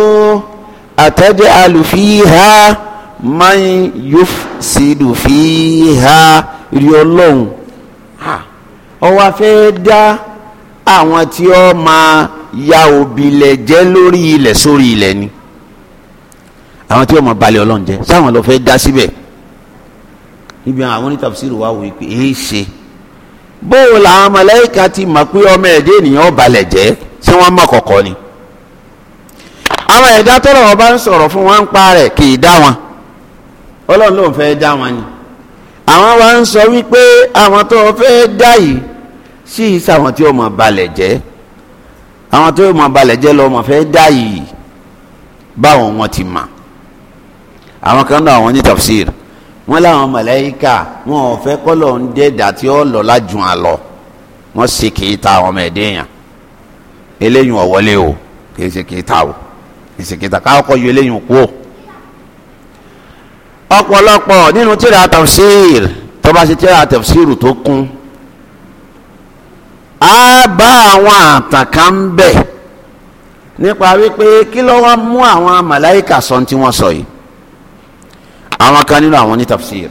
ataj'alu fiha man yufsidu fiha rí ọlọ́run ó wá fẹ́ dá àwọn tí ó máa ya òbílẹ̀ jẹ́ lórí ilẹ̀ sórí ilẹ̀ ni àwọn tí ó máa balẹ̀ ọlọ́run jẹ́ sáwọn lọ fẹ́ dá síbẹ̀ ibi àwọn onítàfsírù wa wò pé èé ṣe bóòlù àwọn màláíkà ti mọ̀ pé ọmọ ẹ̀dẹ́ ènìyàn balẹ̀ jẹ́ ṣé mọ̀ kọ̀kọ́ ni àwọn ẹ̀dá tọ́lọ̀ wọn bá ń sọ̀rọ̀ fún wọn ń pa rẹ̀ kì í dá wọn ọlọ́run ló ń fẹ́ dá wọn ni àwọn wa ń sọ wípé àwọn tó fẹ́ dá yìí sí ìsàwọn tí ó mọ̀ balẹ̀ jẹ́ àwọn tó mọ̀ balẹ̀ jẹ́ lọ́mọ fẹ́ dá yìí báwọn wọn ti mọ̀ àwọn kan náà àwọn ní tafsir wọn làwọn mọ̀lẹ́yìká wọn ò fẹ́ kọ́lọ̀ ń dẹ́dà tí ó lọ lájùn àlọ́ wọn sì kì í ta àwọn ọmọ ẹ̀dẹ́yàn eléyìí ọ̀wọ́lé o kì í ṣe kì í ta o ìsìnkìtà káwọn kọ yọ eléyìí kú o ọ̀pọ̀lọpọ̀ nínú tíra tafsir tó bá ṣe tíra tafsir tó kún á bá àwọn àtàkà ń bẹ̀ nípa wípé kí ló wá mú àwọn màláìkà sọ tí wọ́n sọ yìí àwọn kan nínú àwọn ní tafsir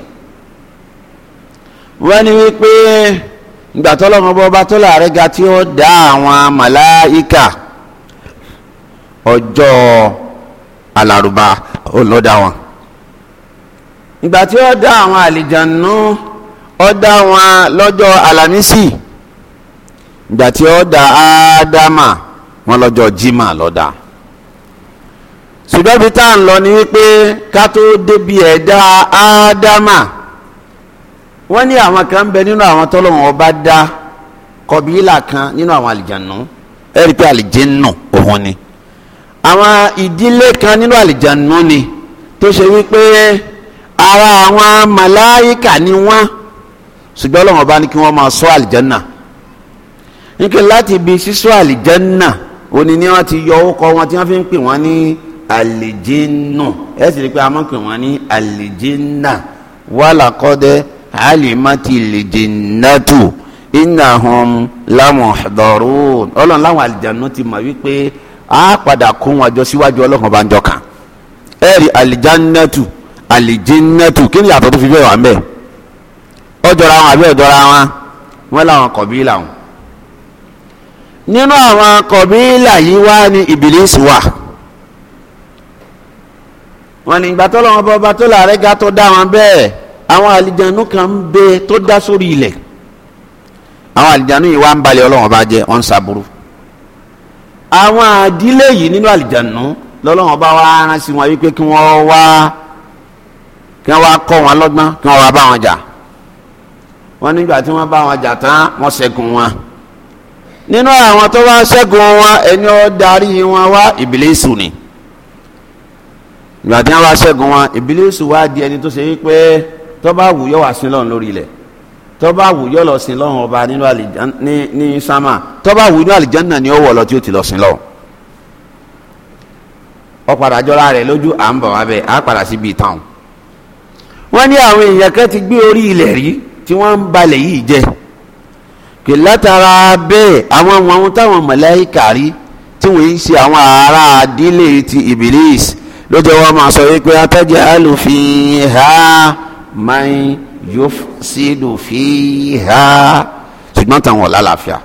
wọ́n ní wípé ìgbà bá tó láàrẹ́ ga tí ó dá àwọn màláìkà ọjọ́ alárùbá ló dá wọn. ìgbà tí ó dá àwọn àlìjànú ó dá wọn lọ́jọ́ alámísì ìgbà tí ó dá ádámà wọn lọ́jọ́ jimá ló dá ṣùgbọ́n bí tá à ń lọ ni wípé ká tó débi ẹ̀dá ádámà wọ́n ní àwọn kan ń bẹ nínú àwọn tọ́lọ́wọ́n ọba dá kọ̀bílà kan nínú àwọn àlìjànú ẹ̀rí pé àlìjẹ́ nù òun ni àwọn ìdílé kan nínú àlìjànú ni tó ṣe wípé ara àwọn màláíkà ni wọ́n ṣùgbọ́n ọlọ́run ọba ní kí wọ́n máa ṣọ́ àlìjánà nígbà láti ibi sísọ àlìjánà òní ni wọ́n ti yọ orúkọ wọn tí wọ́n fi ń pè wọ́n ní àlìjínà ẹ sì rí pé a máa ń wọ́n ní àlìjínà wàlàkọ́dẹ́ àlìmátì lìjìnnàtù ìnáhùn lámùhàdọ̀rún ọlọ́run láwọn àlìjánà ti mọ̀ wípé a padà kó wọn àjọ síwájú ọlọ́kan bá ń jọ kàn ẹ̀rí alìjánẹ́tù alìjínẹ́tù kí ni yàtọ̀ tó fi bẹ́ẹ̀ wà ń bẹ̀ ọjọ́ra wọn àbí ọjọ́ra wọn wọn làwọn kọ̀bílà wọn nínú àwọn kọ̀bílà yìí wá ní ìbílísì wà wọn ní ìgbà tó lọ́wọ́ bọ́ba tó láàrẹ́ ga tó dá wọn bẹ́ẹ̀ àwọn àlìjánú kan ń bẹ tó dá sórí ilẹ̀ àwọn àlìjánú yìí wá ń balẹ̀ ọlọ́wọ́n bá jẹ́ ọ̀n sàbúrú àwọn àdílé yìí nínú àlìjànú lọ́lọ́wọ́n bá wá rán sí wọn wípé kí wọ́n wá kí wọ́n wá kọ́ wọn lọ́gbọ́n kí wọ́n wá bá wọn jà wọ́n nígbà tí wọ́n bá wọn jà tán wọ́n ṣẹ́gun wọn nínú àwọn tó wá ṣẹ́gun wọn ẹni ó darí wọn wá ìbílísù ni ìgbà tí wọ́n wá ṣẹ́gun wọn ìbílísù wá di ẹni tó ṣe wípé tó bá wù yọ wá sí lórí ilẹ̀ tọ́ba wù yọ lọ sin lọ́hùn ọba nínú àlìján ní ní sámà tọ́ba wù inú àlìján náà ni ó wọ̀ lọ tí ó ti lọ sin lọ. ọ̀padà jọra rẹ̀ lójú à ń bọ̀ wá bẹ́ẹ̀ á padà síbi ìtàn. wọ́n ní àwọn èèyàn kan ti gbé orí ilẹ̀ rí tí wọ́n ń balẹ̀ yìí jẹ́ kì látara bẹ́ẹ̀ àwọn àwọn táwọn màláíkà rí tí wọ́n ń ṣe àwọn ará àdílé ti Ìbílísì ló jẹ́ máa sọ wípé atẹ́jẹ́ àlùfín ha máa yufsidu fiha ṣùgbọ́n táwọn ọ̀la làáfíà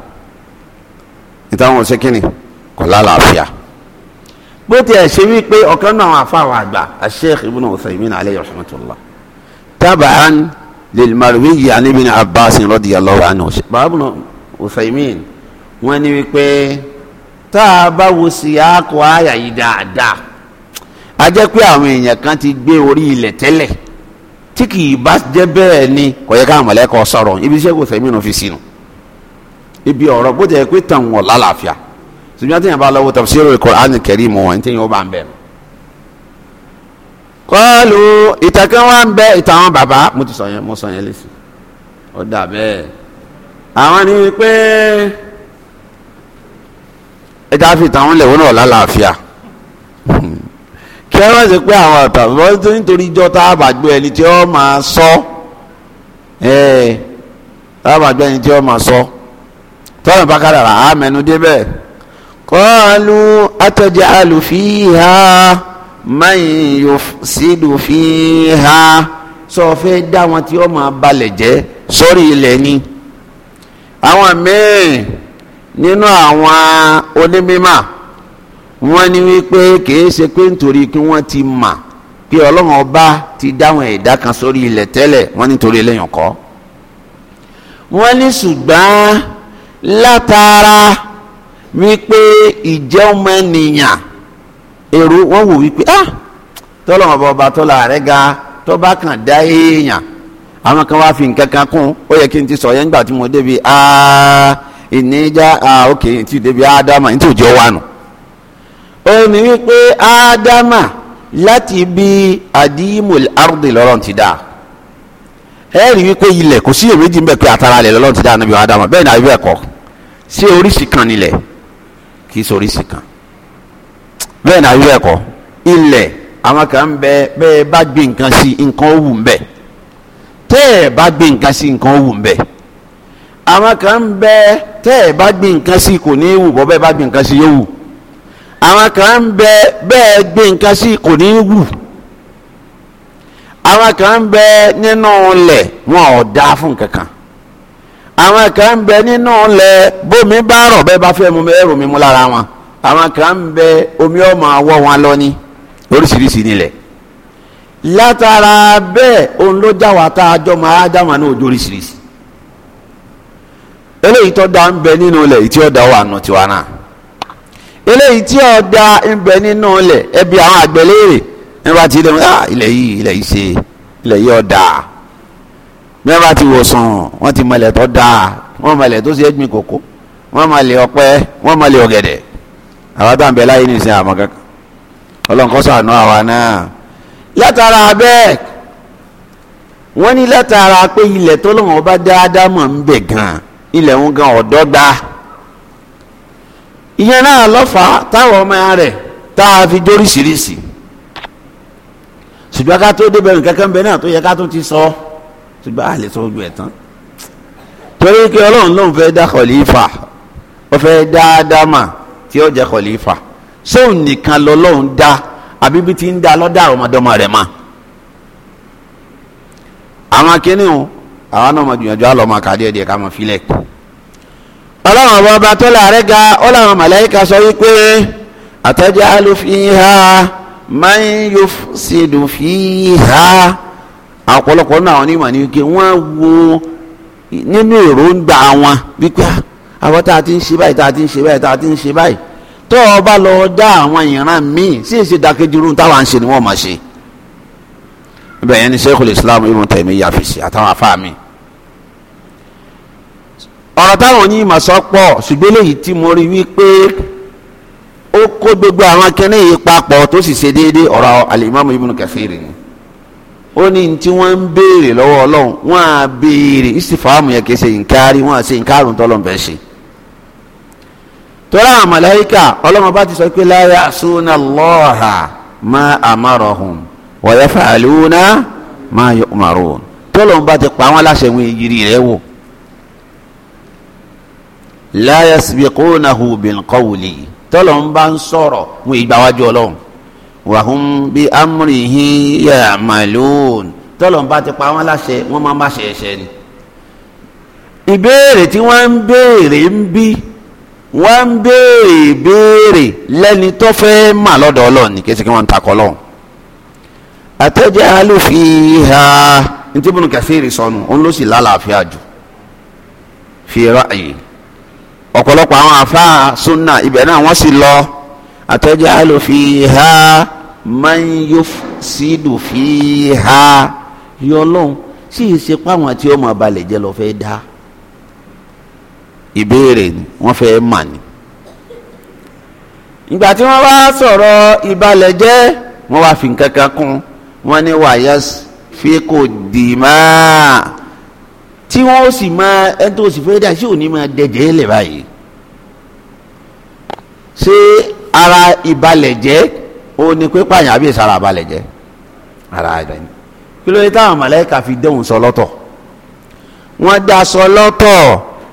ìtàwọn ọ̀sẹ̀ kínní kò lálàáfíà bó tiẹ̀ ṣe wípé ọ̀kan náà àfàwọ̀ àgbà Sheikh Ibn Uthaymin alayhi rahmatullah taban lil marwi an Ibn Abbas radiyallahu anhu bàbá Ibn Uthaymin wọ́n ní wípé tá a bá wo sí àkọ́ àyà yìí dáadáa a jẹ́ pé àwọn èèyàn kan ti gbé orí ilẹ̀ tẹ́lẹ̀ tí kì í bá jẹ́ bẹ́ẹ̀ ni kò yẹ káwọn mọ̀lẹ́kọ̀ sọ̀rọ̀ ibi iṣẹ́ kò fẹ́mi nù fi sínú ibi ọ̀rọ̀ bó jẹ́ pé tàn wọ̀ lálàáfíà ṣùgbọ́n àti ìyàbá lọ́wọ́ tafsirul Qur'an al-Karim wọn ní tẹ̀yìn ó bá ń bẹ̀rù. kọ́ọ̀lù ìtàkùn wa ń bẹ ìtàwọn bàbá mo ti sọ yẹn mo sọ yẹn lẹ́sì ó dà bẹ́ẹ̀ àwọn ni wípé ẹja fi ìtàwọn lẹ̀ wọ́n náà lálàáfíà. wá sì pé àwọn ọ̀tọ̀ lọ́dún nítorí ijọ́ tá a bá gbé ẹni tí ọ máa sọ ẹ̀ tá a bá gbé ẹni tí ó máa sọ tọ́lá bá kádàrà á mẹ́nu débẹ̀ kọ́ọ̀lù àtẹ̀jẹ́ àlùfíà man yufsidu fiha sọ fẹ́ dá wọn tí ọ máa balẹ̀ jẹ́ sórí ilẹ̀ ni àwọn míì nínú àwọn onímọ̀. wọ́n ní wípé kìí ṣe pé nítorí kí wọ́n ti mà pé ọlọ́run ọba ti dáwọn ẹ̀dá kan sórí ilẹ̀ tẹ́lẹ̀ wọ́n nítorí eléyàn kọ́ wọ́n ní ṣùgbọ́n látara wípé ìjẹ́ ọmọ ènìyàn èrò wọ́n wò wípé ah tọ́lọ́run ọba ọba tọ́lá rẹ̀ ga tó bá kàn dá èèyàn àwọn kan wá fi nǹkan kan kún ó yẹ kí n ti sọ yẹn nígbà tí mo débi ah ìníjà ah ok ti débi ádámà ní tí ò jẹ́ wánu ó ní wípé ádámà láti bí adimul ardi lọ́rọ̀ ti dá ẹ rí wípé ilẹ̀ kò sí iyèméjì mbẹ́ pé àtàrà lẹ̀ lọ́rọ̀ ti dá níbi ádámà bẹ́ẹ̀ ni àbíbẹ̀ kọ́ sí oríṣi kan nílẹ̀ kì í sọ oríṣi kan bẹ́ẹ̀ ni kọ́ ilẹ̀ àwọn kan ń bẹ bẹ́ẹ̀ bá gbé nǹkan sí nǹkan ń bẹ tẹ́ ẹ̀ bá gbé nǹkan sí nǹkan ń àwọn kan ń bẹ tẹ́ ẹ̀ bá gbé nǹkan sí kò àwọn kan ń bẹ bẹ́ẹ̀ gbé nǹkan sí kò ní wù àwọn kan ń nínú ọlẹ̀ wọn ò dáa fún kankan àwọn kan ń bẹ nínú ọlẹ̀ bómi bá rọ̀ bẹ́ẹ̀ bá fẹ́ mu bẹ́ẹ̀ lára wọn àwọn kan ń omi ọmọ wọn nílẹ̀ bẹ́ẹ̀ òun ló já wa tá a jọ máa já wa ní ojú oríṣiríṣi eléyìí eléyìí tí da ìbẹ̀ nínú ilẹ̀ ẹbí àwọn àgbẹ̀ léèrè nígbà tí ilẹ̀ ah ilẹ̀ yìí ilẹ̀ yìí ṣe ilẹ̀ yìí ọ̀dà mẹ́fà ti wòsàn wọ́n ti mọ̀lẹ̀ tó dáa wọ́n mọ̀lẹ̀ tó ṣe é gbin kòkó wọ́n mọ̀lẹ̀ ọ̀pẹ wọ́n mọ̀lẹ̀ ọ̀gẹ̀dẹ̀ àwọn tó ń bẹ láyé nìsín àmọ́ kankan ọlọ́nkọ́sọ àná àwa náà látara bẹ́ẹ̀ wọ́n ní látara pé ilẹ̀ tó lọ́wọ́ bá dáadáa mọ̀ ń bẹ̀ gan ilẹ̀ ń gan ọ̀dọ́ ìyẹn náà lọ́fàá táwọn ọmọ rẹ̀ tá a fi jóríṣiríṣi ṣùgbọ́n ká tó débẹ̀ nǹkan kan bẹ náà tó yẹ ká tó ti sọ ṣùgbọ́n a lè sọ ojú ẹ̀ tán torí pé ọlọ́run lòun fẹ́ dá kọ̀lífà ó fẹ́ dá dámà tí ó jẹ́ kọ̀lífà sóun nìkan lọ́lọ́run dá àbíbí ti ń dá lọ́dà ọmọdọ́mọ rẹ̀ mà àwọn akíní àwọn náà máa gbìyànjú àlọ́ máa kà díẹ̀ díẹ̀ ká máa filẹ̀ kù ọlọ́run ọba ọba tó láàrẹ́ ga ó láwọn màláíkà sọ wípé atajalu fiha man yufsidu fiha ọ̀pọ̀lọpọ̀ náà àwọn onímọ̀ ní wípé wọ́n wo nínú èròǹgbà wọn wípé ah, àwọn tá a ti ń ṣe báyìí tá a ti ń ṣe báyìí tá a ti ń ṣe báyìí tó o bá lọ dá àwọn ìran míì sí èsì dákejì irú táwọn ṣe ni wọ́n máa ṣe. ibẹ̀ ni Sheikhul Islam Ibn Taymiyyah fi ṣe àtàwọn afáàmì. ọ̀rọ̀ táwọn onímọ̀ sọ pọ̀ ṣùgbọ́n eléyìí tí mo rí wípé ó kó gbogbo àwọn kẹ́ni yìí papọ̀ tó sì ṣe déédéé ọ̀rọ̀ alimami ibn Kathir ni ó ní tí wọ́n ń béèrè lọ́wọ́ ọlọ́run wọ́n á béèrè ìsìfàmù yẹn kì í ṣe nkárí wọ́n á ṣe nkárùn ma la yasbiqunahu bil qawli tọ́lọ̀ ń bá ń sọ̀rọ̀ wọn ìgbà wájú ọlọ́run wa hum bi amrihi ya'malun tọ́lọ̀ ń bá ti pa wọ́n láṣẹ wọ́n máa ń bá ṣe ẹ̀ṣẹ̀ ni. ìbéèrè tí wọ́n ń béèrè ń bí wọ́n ń béèrè béèrè lẹ́ni tó fẹ́ mà lọ́dọ̀ ọlọ́run ní kéṣe kí ń takọ̀ lọ́run. atajalu fiha ní tí Ibn Kathir sọnù òun ló sì lálàáfíà jù fi ra'yi ọ̀pọ̀lọpọ̀ àwọn àfáà sunna ibẹ̀ náà wọ́n sì lọ atajalu fiha man yufsidu fiha yọ lọ́hùn sí ìsepá àwọn àti ọmọ abalẹ̀ jẹ́ lọ́ọ́ fẹ́ dá ìbéèrè ni wọ́n fẹ́ mà ní. ìgbà tí wọ́n wá sọ̀rọ̀ ìbalẹ̀ jẹ́ wọ́n wá fi nǹkan kan kún wọ́n ní wàyà fíkò dìímà tí wọ́n sì máa ẹni tó sì fẹ́ dà sí òní máa dẹ̀jẹ̀ lẹ̀ báyìí ṣé ara ìbalẹ̀ jẹ́ òun ni pé pààyàn àbí ìsara àbalẹ̀ jẹ́ ara ẹ̀dá ni kí ló dé táwọn màláíkà fi dẹ́hùn sọ lọ́tọ̀ wọ́n dá sọ lọ́tọ̀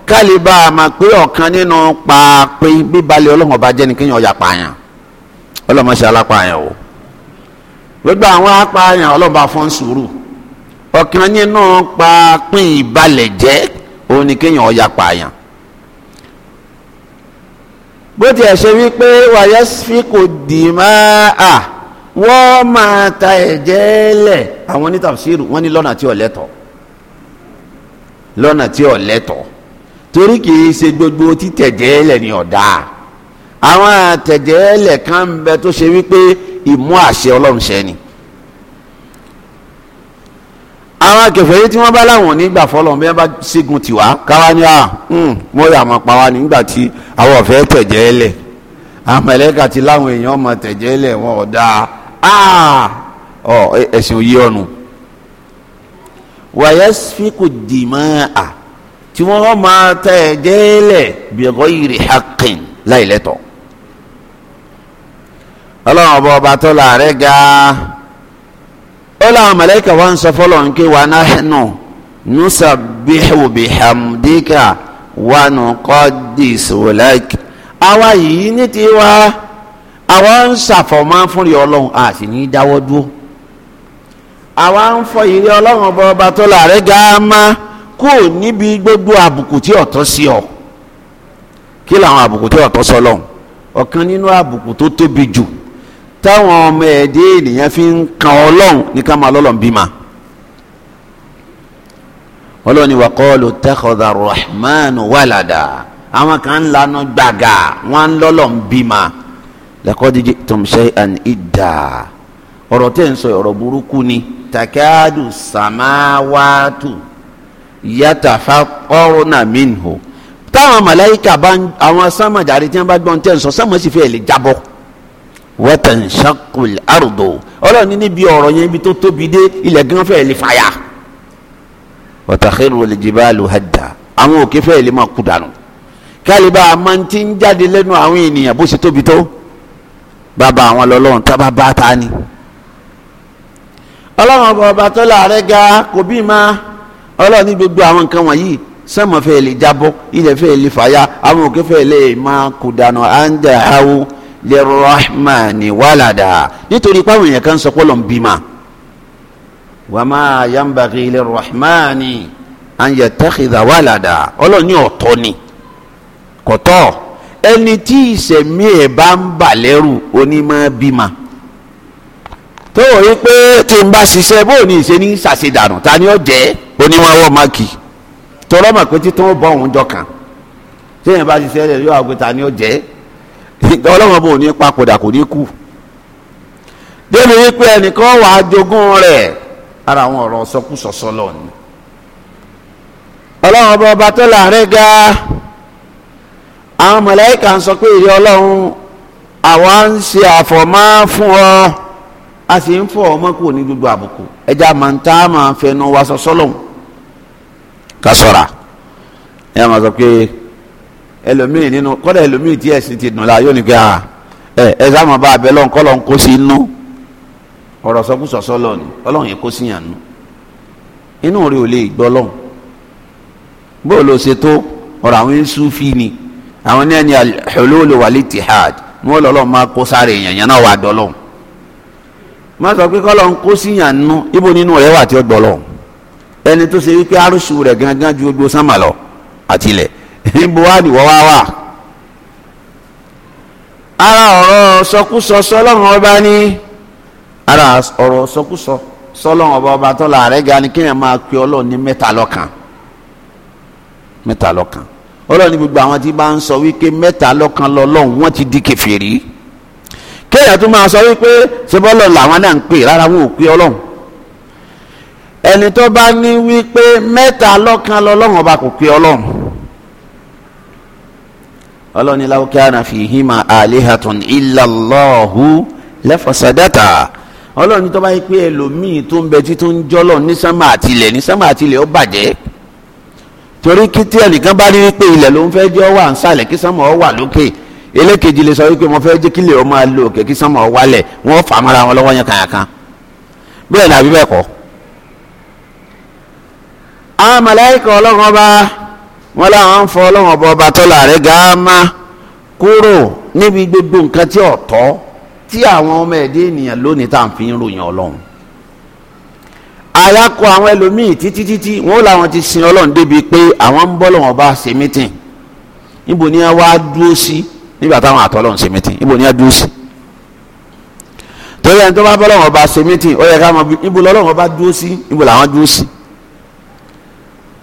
kálíbà àmà pé ọ̀kan nínú paapin bíbalẹ̀ ọlọ́run ọba jẹ́ ni kéèyàn ọ̀yà pààyàn ọlọ́mọṣẹ́ alápààyàn o gbogbo àwọn apààyàn ọlọ́ba fún sùúrù ọ̀kan nínú pa pín ìbalẹ̀ jẹ́ òun ni kéèyàn ọ̀yà pààyàn bó tiẹ̀ ṣe wípé wàyẹ́ fi kò dì máa à wọ́n máa ta ẹ̀jẹ̀ lẹ̀ àwọn onítàfsírù wọ́n ní lọ́nà tí ò lẹ́tọ̀ọ́ lọ́nà tí ò lẹ́tọ̀ọ́ torí kì í ṣe gbogbo títẹ̀jẹ̀ lẹ̀ ni ọ̀dà àwọn àtẹ̀jẹ̀ lẹ̀ kan bẹ tó ṣe wípé ìmú àṣẹ ọlọ́run ṣẹ ni àwọn akẹfẹ̀yé tí wọ́n bá láwọn nígbà fọlọ́n bẹ́ẹ̀ bá ṣẹ́gun tiwa káwa ní à mọ hmm, yà máa pa wá nígbà tí àwọn ọ̀fẹ́ tẹ̀jẹ́ lẹ̀ àmọ̀lẹ́kà ti láwọn èèyàn máa tẹ̀jẹ́ lẹ̀ wọn ò dáa ẹ̀sìn òye ọ̀nù wàyẹ́sífíkù dìmáà tí wọ́n máa tẹ̀ ẹ̀jẹ̀ lẹ̀ bẹ̀rọ̀ ìrì hakin láìlẹ́tọ̀ ọlọ́run ọba ọba tó láàrẹ́ ga ó láwọn màláíkà wá ń sọ fọ́lọ́run pé wa nahnu nusabbihu bihamdika wa nuqaddisu lak àwa yìí ní tiwa àwa ń ṣàfọ̀mọ́ fún rí ọlọ́run a sì ní dáwọ́ dúró àwa ń fọ ìrí ọlọ́run ọba ọba tó láàrẹ́ ga kó níbi gbogbo àbùkù tí ọ̀tọ́ sí ọ kí làwọn àbùkù tí ọ̀tọ́ sọ lọ́hùn nínú àbùkù tó tóbi jù táwọn ọmọ ẹ̀dẹ́ ènìyàn fi ń kan ọlọ́run ní ká máa lọ́lọ́run bímọ ọlọ́run ni wa qalu takhadha rahmanu walada àwọn kan ń lanu gbàgà wọn ń lọ́lọ́run bímọ laqad ji'tum shay'an idda ọ̀rọ̀ tẹ́ ń sọ ọ̀rọ̀ burúkú ni takadu samawatu yatafaqqarna minhu táwọn màláyíkà bá àwọn sámàjàre tí wọ́n bá gbọ́n tẹ́ ń sọ sámà fẹ́ẹ́ lè jábọ́ wọ́tàn ṣàkùl àrùdò ọlọ́ọ̀ni níbi ọ̀rọ̀ yẹn ibi tó tóbi dé ilẹ̀ gan fẹ́ẹ́ lè fàyà wọ́tàkìrò lè jìbá lu hàdà àwọn òkè fẹ́ẹ́ lè máa kú dànù kálíbà máa ti ń jáde lẹ́nu àwọn ènìyàn bó ṣe tóbi tó bàbá àwọn lọ́lọ́run tá bá bá ta ni. ọlọ́run ọba ọba tó láàrẹ́ ga kò bí ma ọlọ́ọ̀ni gbogbo àwọn nǹkan wọ̀nyí sẹ́mọ̀ fẹ́ẹ́ lè jábọ́ ilẹ̀ fẹ́ẹ́ lè fàyà àwọn òkè fẹ́ẹ́ lè máa kú dànù à ń jà áwò lirrahmani walada nítorí pé àwọn èèyàn kan sọ pé Ọlọ́run bímọ wa ma yanbaghi lirrahmani an yattakhidha walada Ọlọ́run ní ọ̀tọ̀ ni kọ̀tọ́ ẹni tí ìṣẹ̀mí ẹ̀ bá ń bà lẹ́rù onímọ̀ bímọ tó o rí pé tí n bá ṣiṣẹ́ bó o ní ìṣe ní ṣàṣedànù ta ni ó jẹ́ onímọ̀ ọwọ́ máàkì tọrọ pé títún ó òun jọ kàn tí èèyàn bá ṣiṣẹ́ rẹ̀ yóò àgùntàn ni ó jẹ́ ọlọ́run bò ní papòdà kò ní kú débi wípé ẹnìkan wà á jogún rẹ̀ ara àwọn ọ̀rọ̀ sọkúsọ sọlọ ni ọlọ́run ọba ọba tó láàrin ga àwọn mọ̀lẹ́kà ń sọ pé ìrẹ́ ọlọ́run àwa ń ṣe àfọ̀mọ́ fún ọ a sì ń fọ ọmọ kúrò ní gbogbo àbùkù ẹja máa ń tá a máa fẹnu wa sọ sọlọ́hún ká ẹ máa sọ pé ẹlòmíì nínú kọ́dà ẹlòmíì tí ẹ̀sìn ti dùn la yóò ní kí a ẹ ẹ sáàmù bá abẹ lọ́n kọ́ lọ́n kó sí inú ọ̀rọ̀ sọkúsọ sọlọ ni ọlọ́run yẹn kó sí yàn nù inú rẹ ò lè gbọ́ lọ́n bó ló ṣe tó ọ̀rọ̀ àwọn Sufi ni àwọn ní ẹni al-hulul wal-ittihad ni wọ́n lọ́lọ́ máa kó sáré èèyàn yẹn náà wà dọ́lọ́n má sọ pé kọ́lọ́n kó sí yàn nù ibo nínú rẹ wà tí ó gbọ́ lọ́n ẹni tó ṣe wípé arúṣu rẹ̀ gangan ju gbogbo sánmà lọ àtilẹ̀ ibo wá nìwọ́ wá wà ara ọ̀rọ̀ sọkúsọ sọlọ́run ọba ní ara ọ̀rọ̀ sọkúsọ sọlọ́run ọba ọba tó la rẹ̀ ga ni kéèyàn máa pe ọlọ́run ní mẹ́ta lọ́kan mẹ́ta lọ́kan ọlọ́run ní gbogbo àwọn tí bá ń sọ wípé mẹ́ta lọ́kan lọ́lọ́run wọ́n ti di kèfèrí kéèyàn tún máa sọ wípé ṣebọ́lọ̀ làwọn náà ń pè rárá wọn ò pé ọlọ́run ẹni tó bá ní wípé mẹ́ta lọ́kan lọ́lọ́run ọba kò pé ọlọ́run ọlọ́ni láwùkẹ́ àràfi hima alihatun illallahu lẹ́fọ̀sádàtà ọlọ́ni tó bá yẹ pé ẹlòmíì tó ń bẹ títún jọ́lọ̀ ní sánmà àtìlẹ̀ ní sánmà àtìlẹ̀ ó bàjẹ́ torí kí tí ẹnìkan bá rí pé ilẹ̀ ló ń fẹ́ jẹ́ wà ń sàlẹ̀ kí sánmà ó wà lókè elékejì lè sọ wípé mo fẹ́ jẹ́ kílẹ̀ ó máa lo kí sánmà ó wálẹ̀ wọ́n fà mọ́ra wọn lọ́wọ́ yẹn kàyàkan bẹ́ẹ̀ ni àbí bẹ́ẹ̀ kọ́ àwọn màláíkà ọlọ́run ọba wọ́n láwọn ń fọ ọlọ́run ọba ọba tọ́lá rẹ̀ gáámá kúrò níbi gbogbo nǹkan tí ọ̀tọ́ tí àwọn ọmọ ẹ̀dẹ́ ènìyàn lónìí tá à ń fi ń ròyìn ọlọ́run alákọ àwọn ẹlòmíì títí títí wọn làwọn ti sin ọlọ́run débi pé àwọn ń bọ́ lọ́wọ́n bá ṣe mítìn níbo ni wọ́n á dúró sí nígbà táwọn àtọ́lọ́run ṣe mítìn níbo ni wọ́n á dúró sí torí ẹni tó bá bọ́ lọ́wọ́n bá ṣe mítìn ó yẹ ká mọ̀ níbo lọ́wọ́n bá dúró sí níbo làwọn dúró sí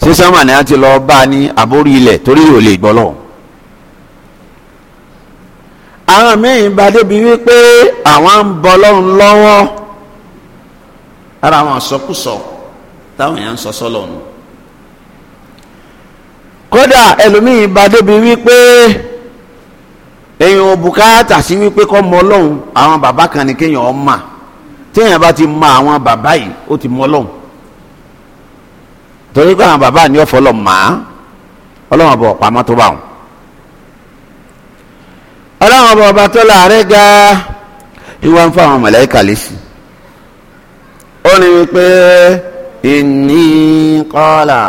sísánmà ni a ti lọ bá a ní àbórí ilẹ̀ torí yóò lè gbọ́ lọ. àwọn míín bá débi wípé àwọn ń bọ lọ́run lọ́wọ́ ara àwọn àsọkùsọ táwọn èèyàn ń sọ sọ́lọ́run. kódà ẹlòmíín bá débi wípé èèyàn ò bùkátà sí wípé kọ́ mọ ọlọ́run àwọn bàbá kan ní kéèyàn ọ́ mà téèyàn bá ti mọ àwọn bàbá yìí ó ti mọ ọlọ́run. torí pé àwọn bàbá ni ọ̀fọ̀ lọ mà á ọlọ́run ọba tó bá wọn. ọba ọba tó láàárẹ̀ ga ìwà ń fún àwọn lẹ́sìn ó ní wípé ìní kọ́là.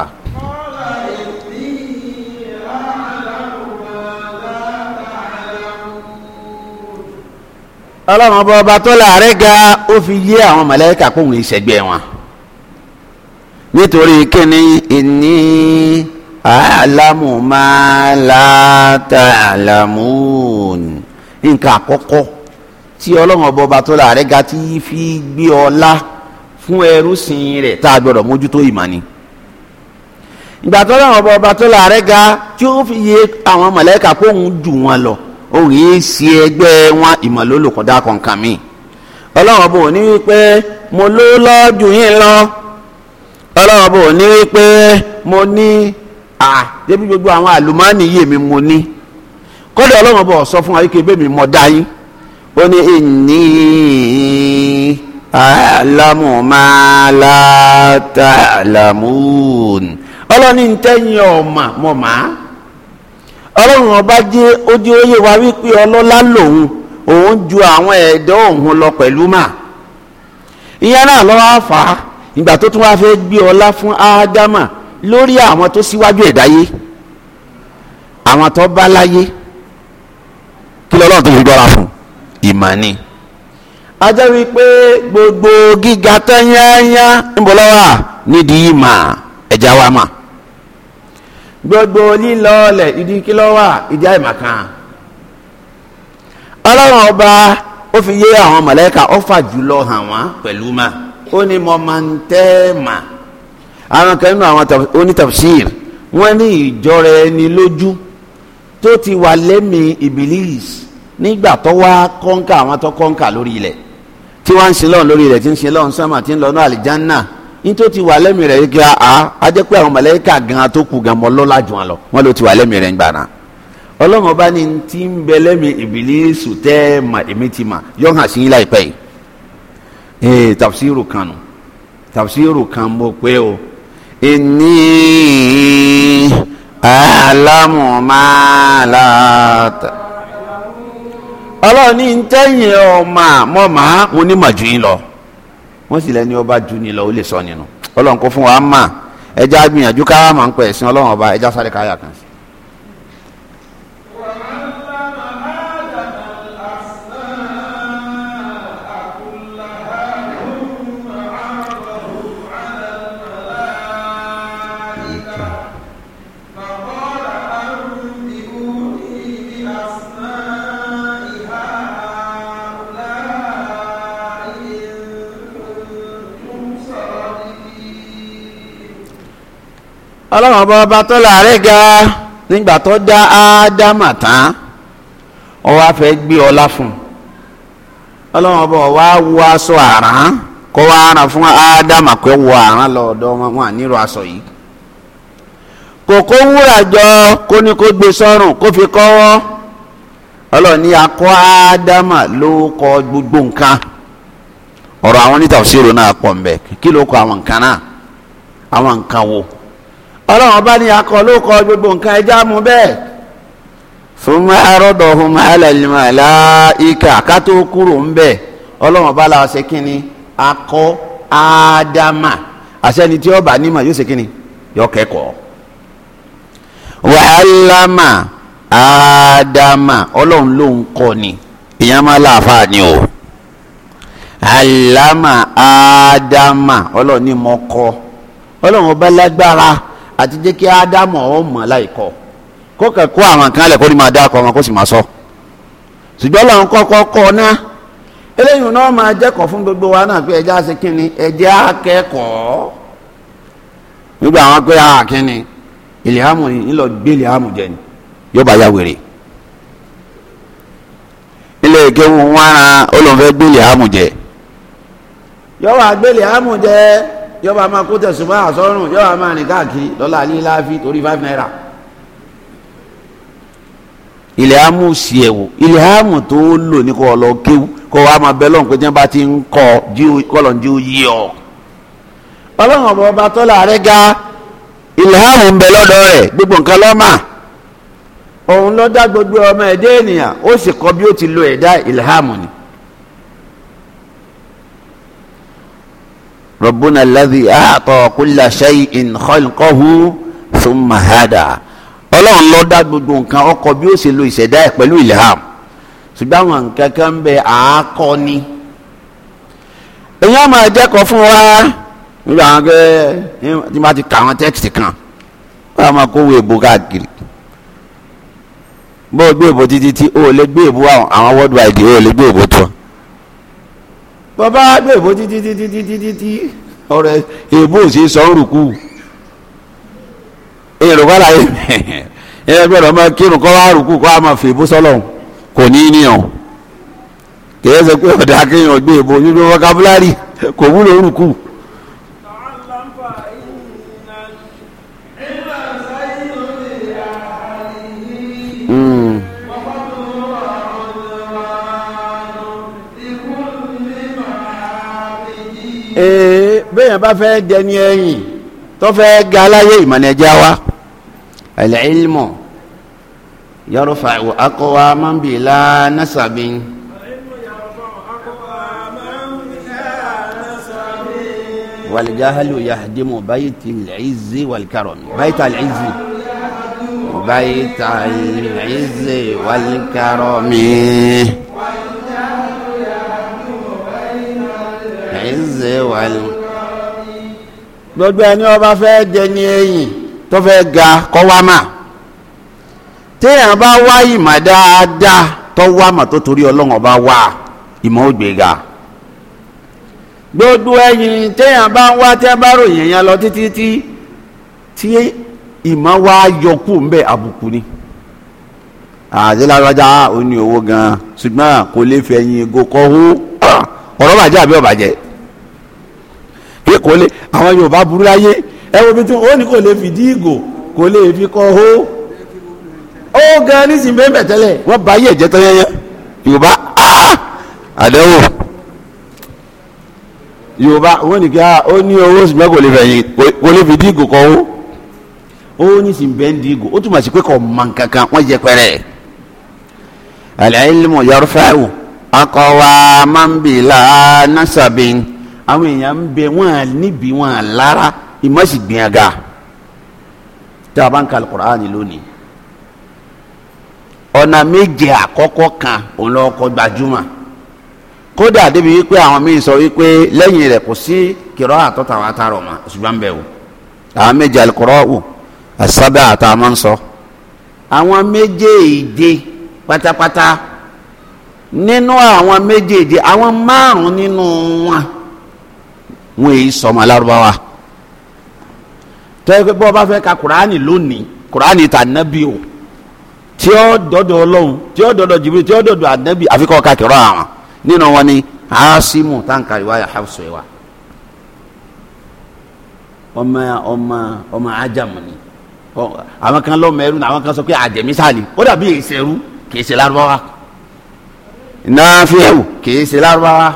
ọlọ́run ọba ọba tó láàárẹ̀ ga ó fi yé àwọn màláíkà kóhun ìṣẹ̀gbẹ́ nítorí kíni inni alamu ma la ta'lamun nǹkan àkọ́kọ́ tí ọlọ́run ọba ọba tó láàrẹ́ ga tí fi gbé ọlá fún ẹrú sìn rẹ̀ tá a gbọ́dọ̀ mójútó ìmání ìgbà tó ọlọ́run ọba ọba tó láàrẹ́ ga tí ó fi yé àwọn mọ̀lẹ́kà kó òun jù wọn lọ òun yìí ṣe ẹgbẹ́ wọn ìmọ̀lólò kọ̀dá kọ̀ọ̀kan mi ọlọ́run ọba ò wípé mo ló lọ́ọ́ jù yín lọ. ọlọ́run ní wípé mo ní à gbogbo àwọn àlùmọ́ọ́nì yìí mi mo ní kọ́dọ̀ ọlọ́run sọ fún wa mi mọ̀ dá ní ìní la ọlọ́run ní tẹ́yìn ọ̀mà ó wa wípé ọlọ́lá lòun òun ju àwọn ẹ̀dọ́ òun lọ pẹ̀lú mà náà lọ́wọ́ ìgbà tó tún wáá fẹ́ gbé ọlá fún ádámà lórí àwọn tó síwájú ẹ̀dáyé àwọn tó bá láyé kí lọ́lọ́run tó fi gbọ́ra fún ìmánì ajá wípé gbogbo gíga tán yányá ń bọ̀ lọ́wọ́ nídìí ìmà ẹ̀já wa mà gbogbo lílọ́ọ̀lẹ̀ ìdí kí lọ́wọ́ ìjà ìmàkan ọlọ́run ọba ó fi yé àwọn mọ̀lẹ́ka ó jùlọ hàn wọ́n pẹ̀lú máa ó ní mo máa ń tẹ́ mà àwọn kan nínú àwọn onítafsir wọ́n ní ìjọra ẹni lójú tó ti wà lẹ́mìí ibilis nígbà tó wá kọ́ńkà àwọn tó kọ́ńkà lórí ilẹ̀ tí wọ́n ń sin lọ́run lórí ilẹ̀ tí ń sin lọ́run sánmà tí ń lọ́nà àlìjánná nítorí ti wà lẹ́mìí rẹ̀ kí a á jẹ́ pé àwọn mọ̀lẹ́kà gan tó kù gan mọ́ lọ́la jù wọn lọ wọ́n ló ti wà lẹ́mìí rẹ̀ ń gbà náà ọlọ́run ni ti ń bẹ lẹ́mìí ìbílísù tẹ́ mà èmi ti mà yọ̀ sí yín láìpẹ́ yìí ee eh, tafsiru kanu tafsiru kan mo pé o inni alamu maalata ọlọ́ọ̀ni ń tẹ́yìn ọmọ mọ́ màá mo ní màjú yín lọ wọ́n sì lẹ́ni ọba jù ní lọ ó lè sọ nínú ọlọ́run kó fún wa mà ẹja gbìyànjú ká máa ń pẹ̀ ẹ̀sìn ọlọ́run ọba ẹja sáré káyà kan sí. ọlọ́run ọba ọba tó láàárẹ̀ ga nígbà tó dá ádámà tán ó wá fẹ́ gbé ọlá fún un ọlọ́run ọba ó wá wọ aṣọ àrán kó wá ràn fún ádámà pé wọ àrán lọ́ọ̀dọ́ wọn ànírò aṣọ yìí kò kó wúrà jọ kó ní kó gbé sọ́rùn kó fi kọ́wọ́ ọlọ́run ní akọ́ ádámà ló kọ gbogbo nǹkan ọ̀rọ̀ àwọn onítàwọ̀sí ìrònú àpọ̀ mbẹ́ kí ló kọ àwọn nǹkan náà àwọn nǹkan wo. ọlọ́run bá ní akọ ló kọ gbogbo nǹkan ẹja mú bẹ́ẹ̀ fún àrọ́dọ̀ fún alẹ́lẹ́mọ̀lá ìkà kúrò ń bẹ̀ ọlọ́run bá la ṣe kí ni akọ ádámà àṣẹni tí ọba nímọ̀ ṣe kí ni yọ kẹ́kọ̀ọ́ wàhálàmà ádámà ọlọ́run ló ni máa láàfáà ni o ádámà ọlọ́run àti jẹ́ kí ádámù ọ̀ mọ̀ láìkọ́ kó kàn kó àwọn kan lẹ̀ kó ní máa dá ọkọ̀ wọn kó sì máa sọ ṣùgbọ́n kọ́kọ́ kọ́ náà eléyìí náà máa jẹ́kọ̀ọ́ fún gbogbo wa náà pé ẹja ṣe kí ni nígbà àwọn pé kí ni ńlọ gbé ni yóò bá wèrè ilé wọn olùfẹ́ gbé jẹ jẹ. yọba máa kó tẹ̀sùbá àsọ́rùn yọba máa rìn káàkiri lọ́la ní láàfi torí five naira ilẹ̀ àmú sí ẹ̀ wò ilẹ̀ àmú tó lò ní kọ́ lọ kéwú kọ́ wa máa bẹ́ lọ́n pé tí wọ́n bá ti ń kọ́ kọ́lọ̀ ń jíwó yí ọ. ọlọ́run ọ̀bọ̀ ọba tọ́lá rẹ̀ ga ilẹ̀ àmú ń bẹ lọ́dọ̀ rẹ̀ gbogbo nǹkan lọ́mà òun ló dá gbogbo ọmọ ẹ̀dá ènìyàn ó sì kọ́ bí ó ti lo ẹ̀dá ilẹ̀ àmú ni ربنا الذي أعطى كل شيء خلقه ثم هدى ọlọ́run ló dá gbogbo nǹkan ọkọ̀ bí ó ṣe lo ìṣẹ̀dá ẹ̀ pẹ̀lú ilham ṣùgbọ́n àwọn nǹkan kan ń bẹ àákọ́ ni. èyí á máa jẹ́kọ̀ọ́ fún wa nígbà wọn pé tí wọ́n ti kà àwọn tẹ́kìtì kan wọ́n á máa kówó èbó káàkiri. bó o gbé èbó títí tí o ò lè gbé èbó àwọn world wide o ò lè gbé èbó tó bàbá gbé èbó títí títí títí títí ọ̀rẹ́ èbó ò sí sọ́ọ̀rùkù èrò kọ́ láyé ẹ gbọ́dọ̀ máa kírun kọ́ wá rùkù kọ́ á máa fèbó sọ́lọ̀ kò ní í níyàn kìí ṣe pé ọ̀dà kéèyàn gbé èbó nínú vocabulary kò wúlò rùkù. Mm. ee eh, bẹ́ẹ̀ bá fẹ́ dẹni ẹ̀yìn tó fẹ́ ga aláyé ìmọ̀nẹ́já wa al-ilmu yarfa'u aqwaman bila nasabin. والجهل يهدم بيت العز والكرم بيت العز بيت العز والكرم alim gbogbo ẹni ọba fẹ́ jẹ ní ẹ̀yìn tó fẹ́ ga kọ́ wá mà téèyàn bá wá ìmọ̀ dáadáa tó wá mà tó torí ọlọ́run ọba wá ìmọ̀ ó gbéga gbogbo ẹ̀yìn téèyàn bá ń wá tẹ́ bá ròyìn yẹn lọ títí tí tí ìmọ̀ wá yọkù ń bẹ àbùkù ni àdélágbájá ó ní owó gan ṣùgbọ́n kò lè fẹ̀yìn gòkó hó ọ̀rọ̀ bàjẹ́ àbí ọ̀bàjẹ́ ayé kò lè àwọn yorùbá burú láyé ẹ wo bí tí ó ní kò lè fìdí ìgò kò lè fi kọ́ hó ó gan nísìnyí bẹ́ẹ̀ tẹ́lẹ̀ wọ́n bá ayé ẹ̀jẹ̀ tán yẹn yorùbá ah, àdéhùn yorùbá wọ́n ní kí á ah, ó ní owó ṣùgbọ́n kò lè fẹ̀yìn kò lè fìdí ìgò kọ́ hó ó nísìnyí bẹ́ẹ̀ ń di ìgò ó túmọ̀ sí pé kò mọ nǹkan kan wọ́n jẹ pẹ́rẹ́ al-ilmu yarfa'u aqwaman bila nasabin àwọn èèyàn ń bẹ wọn níbi wọn lára ìmọ̀sí gbìyànga tí a bá ń ka alukur'an lónìí ọ̀nà méje àkọ́kọ́ kan òun lọ kọ́ gbajúmọ̀ kódà débi wípé àwọn míì sọ wípé lẹ́yìn rẹ̀ kò sí kìrọ́ àtọ́ta wa ta rọ̀ mọ́ ṣùgbọ́n bẹ́ẹ̀ o àwọn méje alukur'an wò àsábẹ́ àtàwọn ń sọ àwọn méjèèje pátápátá nínú àwọn méjèèje àwọn márùn nínú wọn wọn èyí sọmọ alárúbáwá tẹ́ bọ́ bá fẹ́ ka kuraani lónìí kuraani ta nábì o tí ó dọ́dọ̀ ọlọ́run tí ó dọ́dọ̀ jìbìrì tí ó dọ́dọ̀ ànábì àfikọ́ ká kẹrọ àwọn nínú wọn ni aasimu tanka ìwáyà hafsu ìwà ọmọ ọmọ ọmọ ajamu ni àwọn kan lọ́mọ ẹrú ni àwọn kan sọ pé àjẹmí sáàlì ó dàbí èsè ẹrú kèsè lárúbáwá náà kèsè lárúbáwá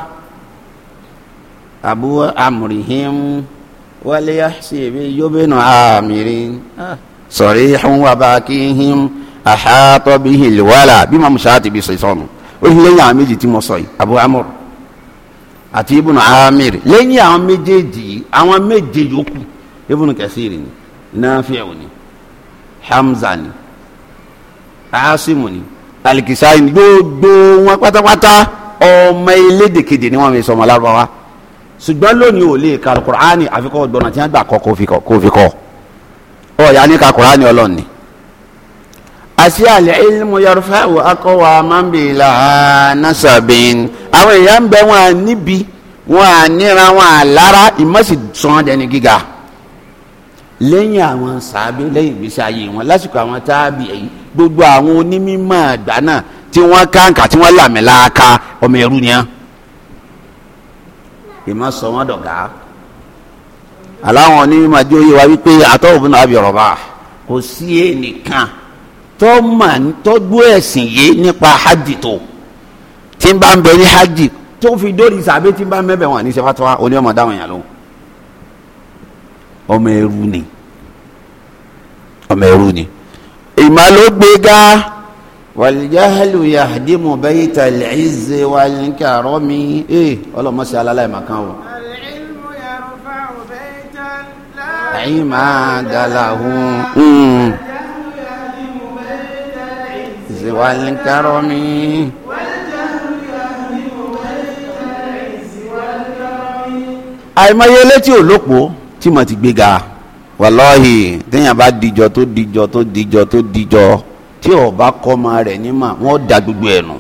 abu amrihim waliyahsibi yubinu amirin ah, sarihun wa bakihim ahata bihi alwala bí ma musaati bi sọ̀nù ó ní lẹ́yìn àwọn méjì tí mo sọ yìí abu amur àti ibùnú amir lẹ́yìn àwọn méjèèjì àwọn méje yòókù ibùnú kẹsìrì ni nafi'u ni hamza ni asimu ni alikisai ni gbogbo wọn pátápátá ọmọ elédèkejì ni wọn fi sọmọ lárúbáwá. ṣùgbọ́n lónìí ò lè ka alukur'ani àfikọ́ ọgbọ́n àti àgbà kọ́ kó fi kọ́ n'i ka ọlọ́run ni. àti àlẹ́ ilmu yorùbá wò akọ́ máa ń bè là nasabin àwọn èèyàn ń bẹ wọn níbi wọn à níra wọn à lára ìmọ̀sí sàn dẹni gíga lẹ́yìn àwọn sàábé lẹ́yìn ìgbésí ayé wọn lásìkò àwọn táàbì ẹ̀yìn gbogbo àwọn onímọ̀ àgbà náà tí wọ́n káǹkà tí wọ́n làmìlàaka ọmọ ẹrú ni ìmọ̀ sọ wọn dọ̀gá aláwọn onímọ̀ jẹ́ oyé wa wípé àtọ́wọ̀bùnà abiyọ̀rọ̀bà kò sí ẹnìkan tó mà ń tọ́jú ẹ̀sìn yìí nípa hajj tó tí ń bá ń bẹ ní hajj tó fi dórí sàbí tí ń bá ń bẹ̀bẹ̀ wọn ní sefatuwa onímọ̀ dáwọn yàn lóhùn ọmọ ẹrú ni ọmọ ẹrú ni ìmọ̀ ló gbé gáà wàlìjáhálù yàdìmù bẹ́yìtà ìlẹ́ìzì wàlìkàrọ́mì ee eh, ọlọ́mọ sí alálàìmọ̀ kan o. ẹ̀yin máa dàlà hun. wàlìkàrọ́mì. àìmọye elétí ò lópò tí mo ti gbéga wàlọ́ọ̀hì téèyàn bá dijọ́ tó dijọ́ tó dijọ́ tó dijọ́ tí ọba kọ́mọ rẹ̀ ní mà wọ́n da gbogbo ẹ̀ nù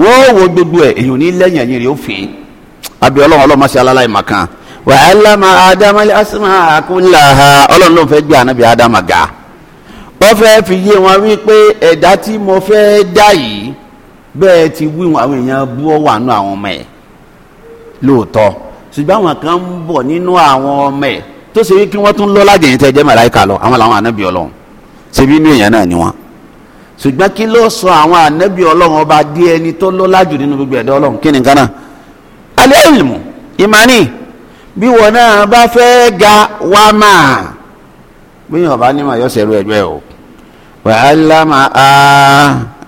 wọ́n wo gbogbo ẹ̀ èyàn ní lẹ́yìn ẹ̀yìn rẹ̀ ó fi àbí ọlọ́run ọlọ́run máa ṣe aláláì mà kan wà á lámà ádámà lásìmà àkúnláha ọlọ́run ló fẹ́ gbé ànábì ádámà ga ó fẹ́ fi yé wọn wípé ẹ̀dá tí mo fẹ́ dá yìí bẹ́ẹ̀ ti wí wọn àwọn èèyàn bú ọ wà nù àwọn ọmọ ẹ̀ lóòótọ́ ṣùgbọ́n àwọn kan ń bọ̀ nínú àwọn ọmọ ẹ̀ tó ṣe wí kí wọ́n tún lọ́lá tẹ́ jẹ́ màláìka lọ àwọn làwọn ànábì ọlọ́run ṣebí inú èèyàn náà ni wọn ṣùgbọ́n kí ló sọ àwọn ànábì ọlọ́run ọba di ẹni tó lọ́lá jù nínú gbogbo ẹ̀dá ọlọ́run kí ni nǹkan náà alẹ́ ìlmù ìmánì bí wọn náà bá fẹ́ ga wá máa bí yàn bá ní màá yọ sẹ́rù ẹ̀jọ́ o. wàhálàmà á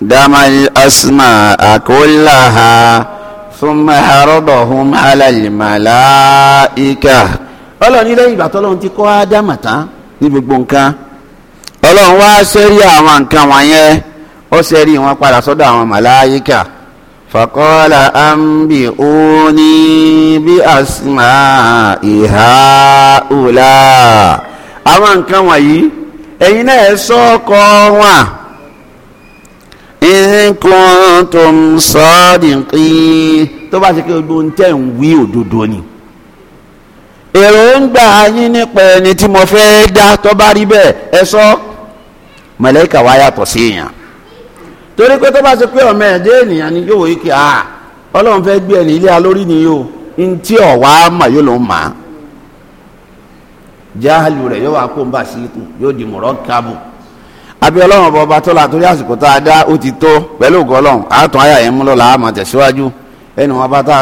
dàmà asma àkólàhà thumma àrọ́dọ̀hún alàlìmàlà ìkà ọlọ́run ilé ìgbà tọ́lọ́run ti kọ́ ádámà tán ní gbogbo nǹkan ọlọ́run wá sẹ́rí àwọn nǹkan wọ̀nyẹn ó sẹ́rí wọn padà sọ́dọ̀ àwọn màláyíkà fàkọ́lá àmbì òní bí àsìmá ìhà ùlà àwọn nǹkan wọ̀nyí ẹ̀yin náà sọ́kọ wọn in kuntum sadiqin tó bá ṣe kí gbogbo ń tẹ̀ ń wí òdodo ni èròǹgbà yín nípa ẹni tí mo fẹ́ dá tó bá rí bẹ́ẹ̀ ẹ sọ mọ̀lẹ́kà wa yàtọ̀ sí èèyàn torí pé tó bá ṣe pé ọmọ ẹ̀dẹ́ ènìyàn ni yóò wòye kí a ah, ọlọ́run fẹ́ gbé ẹni ilé alórí ni yóò ń tí ọ̀wá mà yóò ló ń mà á jáàlù rẹ̀ yóò wá kó ń bà sí ikú yóò di mọ̀rọ́ kábù àbí ọlọ́run ọba ọba tó torí àsìkò tá a dá ó ti tó pẹ̀lú yẹn mú lọ́la mà tẹ̀síwájú ẹnu wọn bá tá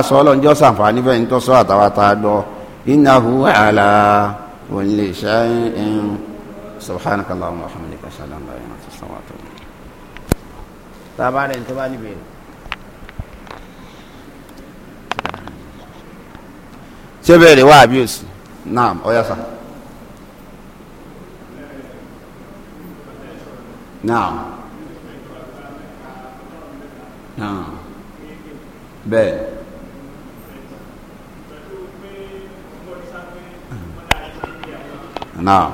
ala سبحانك اللهم وبحمدك أشهد أن لا إله إلا أنت أستغفرك طبعا انتباه بين سبيلي واب يوسف نعم ويا صح نعم نعم بين نعم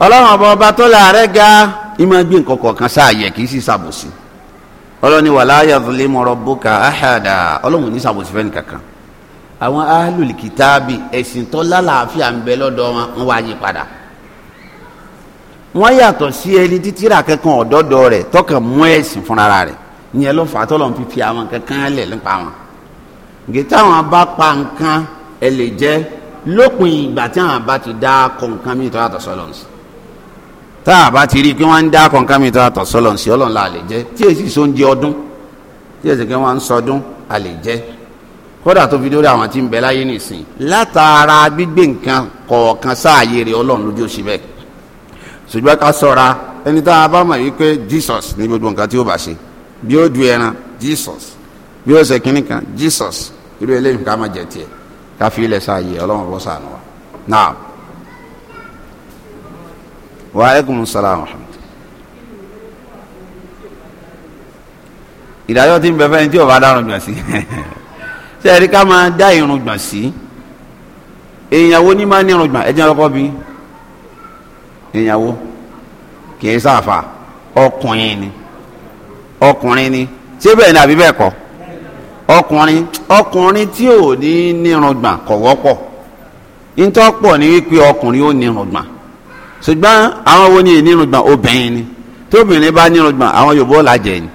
ọlọ́run ọba ọba tó láàárẹ̀ ga ìmọ̀ gbé nǹkan kọ̀ọ̀kan sáàyẹ̀ kì í sì ṣàbòsí ọlọ́ni wala yazlimu rabbuka ahada ọlọ́run ní ṣàbòsí fẹ́ni kankan àwọn ahlul kitabi ẹ̀sìn tó lálàáfíà ń bẹ lọ́dọ̀ wọn wọn wá yí padà wọ́n yàtọ̀ sí ẹni títí rà kankan ọ̀dọ́dọ̀ rẹ̀ tọkàn mú ẹ̀sìn fúnra rẹ̀ ìyẹn ló fà á tọ́lọ̀ ń àwọn kankan lẹ̀ nípa wọn gẹ̀tà wọn bá pa nǹkan ẹ lè jẹ́ lópin ìgbà tí àwọn bá ti dá kọ̀ǹkan mi tó yàtọ̀ sọ́lọ̀ sí tá a bá ti rí i pé wọ́n ń dá kọ̀ǹkan mi tó yàtọ̀ sọ́lọ̀ sí ọlọ́run la lè jẹ́ tí èsì so ń jẹ ọdún tí èsì kí wọ́n ń sọdún a lè jẹ́ kódà tó fi dórí àwọn tí ń bẹ láyé nìsín látara gbígbé nǹkan kọ̀ọ̀kan sáàyè rẹ̀ ọlọ́run lójú òsì bẹ́ẹ̀ ṣùgbọ́n ká sọ̀ra ẹni tá a bá mọ̀ wípé Jesus ní gbogbo nǹkan tí ó bá ṣe bí ó du ẹran Jesus bí ó ṣe kínní kan Jesus irú eléyìí ká má jẹ tiẹ̀ káfí ilẹ̀ sáàyè ọlọ́run bọ́ sànù wa naam wa aleykum salaam wa rahmatulah. ìdájọ́ tí ń bẹ fẹ́ni tí ò bá dárun gbọ̀n sí ṣe ẹ̀rí ká máa dá irun gbọ̀n sí èèyàn wo ní máa ní irun gbọ̀n ẹ̀jẹ̀ lọ́kọ́ bí èèyàn wo kì í sáfà ọkùnrin ni ọkùnrin ni ṣé bẹ́ẹ̀ ni àbí bẹ́ẹ̀ kọ́ ọkùnrin ọkùnrin tí ò ní nírùngbọ̀n kò wọ́pọ̀ ntọ́pọ̀ ni wípé ọkùnrin ó nírùngbọ̀n ṣùgbọ́n àwọn wo ni nírùngbọ̀n obìnrin ni tóbìnrin bá nírùngbọ̀n àwọn Yorùbá làjẹ́ ni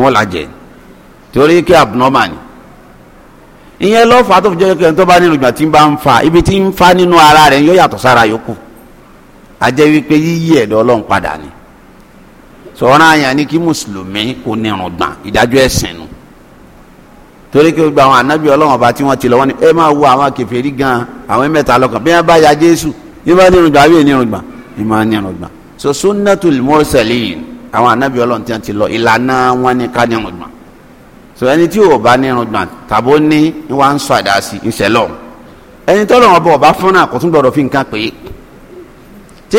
wọ́n làjẹ́ ni torí kí abnormal ni ìyẹn lọ́fà tó fi jẹ́ kẹ́kẹ́ tó bá nírùngbọ̀n tí ń bá ń fa ibi tí ń fa nínú ara rẹ̀ yóò yàtọ̀ sára yòókù ajẹ́ wípé yíyí ẹ̀dọ́ Ọlọ́run padà ni sọ̀rọ̀ àyàn ni kí mùsùlùmí kò nírùngbọ̀n ìdájọ́ ẹ̀sìn nu torí kí gbogbo àwọn ànábì ọlọ́wọ́n ọba tí wọ́n ti lọ wọ́n ni ẹ máa wo àwọn kèfèrí gan àwọn mẹ́ta lọ́kàn bí wọ́n bá ya jésù yín bá nírun gbà yín nírun gbà yín máa nírun gbà so sunnatul mursalin àwọn ànábì ọlọ́wọ́n tí wọ́n ti lọ ìlànà wọn ni ká nírun gbà so ẹni tí ò bá nírun gbà tàbó ní wà ń sọ àdá sí ìṣẹ̀lọ̀ ẹni tọ́lọ̀ wọn bọ̀ ọba fún náà kò tún gbọdọ̀ fi nǹkan pè é tí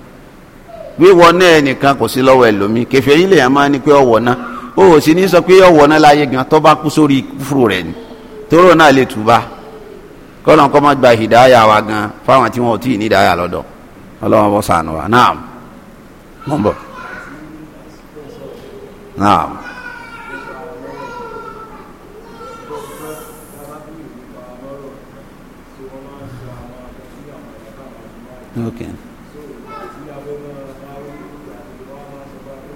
wíwọ náà nìkan kò sí lọ́wọ́ ẹlòmíì kẹfẹ́rí lèèyàn máa ní pé ọ̀wọ̀ náà ó ò sì ní sọ pé ọ̀wọ̀ náà láyé gan bá kú sórí kúfùrù rẹ̀ ni tóró náà lè tùbá kọ́nà kọ́ má gba hìdáyà wa gan fáwọn tí wọn ò ní lọ́dọ̀ ọlọ́wọ́n tí abẹ́ máa bá rí àdìgbò wa máa sọ bá rí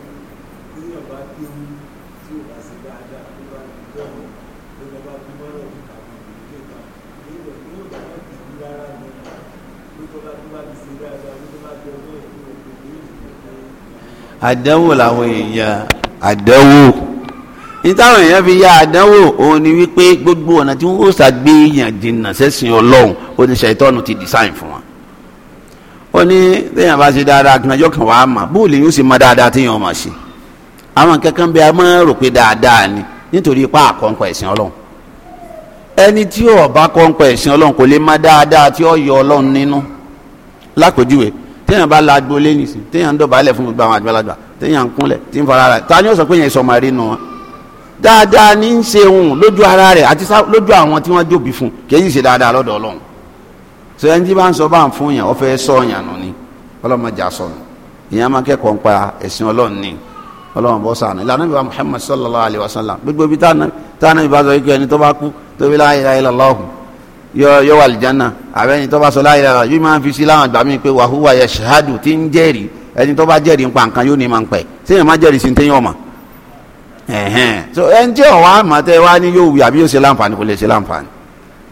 níyàn bá kéwú tí ò bá ni ló tó bá tó bá ti àdánwò làwọn èèyàn àdánwò nítawọ̀ èèyàn fi yá àdánwò òun ni wípé gbogbo ọ̀nà tí wọ́n ó ṣàgbéyàn dènà sẹ́sìn ọlọ́run oníṣẹ́ ìtọ́nu ti design fún wa ó ní téèyàn bá ṣe dáadáa kan ọjọ́ kan wàá mà bóòlù yóò ṣe mọ dáadáa téèyàn máa ṣe àwọn kankan bí a máa rò pé dáadáa ni nítorí ipá àkọ́ńkọ́ ẹ̀sìn ọlọ́run ẹni tí ó bá kọ́ńkọ́ ẹ̀sìn ọlọ́run kò lè má dáadáa tí ó yọ ọlọ́run nínú lápèjúwe téèyàn bá laagbo lẹ́yìn sí téèyàn ń dọ̀bálẹ̀ fún gbogbo àwọn àgbàlagbà téèyàn ń kúnlẹ̀ tí ń fara rẹ̀ ta ni ó sọ pé yẹn sọmọ rí nu wọn dáadáa ní ń ṣe òun lójú ara rẹ̀ àti lójú àwọn tí wọ́n jóbi fún kì í ṣe dáadáa lọ́dọ̀ ọlọ́run so ẹni tí bá ń sọ bá ń fún yàn ọfẹ sọyàn nù ni ọlọmọdé asọnù ìyẹn máa kẹ́kọ̀ọ́ ń pa ẹ̀sìn Ọlọ́run ni Ọlọ́run bọ sànù ìlànà ìbá Muhammad sallallahu alayhi wa sallam gbogbo ibi táwọn ìbá sọ ikú ẹni tó bá kú tóbi la ilaha illallah yọ wà lìjánà àbẹ́ni tó bá sọ la ilaha illallah yìí máa ń fi sí láwọn àgbà mi pé wa huwa yashhadu tí ń jẹ́rìí ẹni tó bá jẹ́rìí nípa nǹkan yóò ní máa ń pẹ́ sẹ́yìn máa jẹ́rìí sí ní ọmọ ẹ̀hẹ́n so ẹni tí ọ̀ wá mọ̀ tẹ́ wá ní yóò wí àbí yóò ṣe láǹfààní kò lè ṣe láǹfààní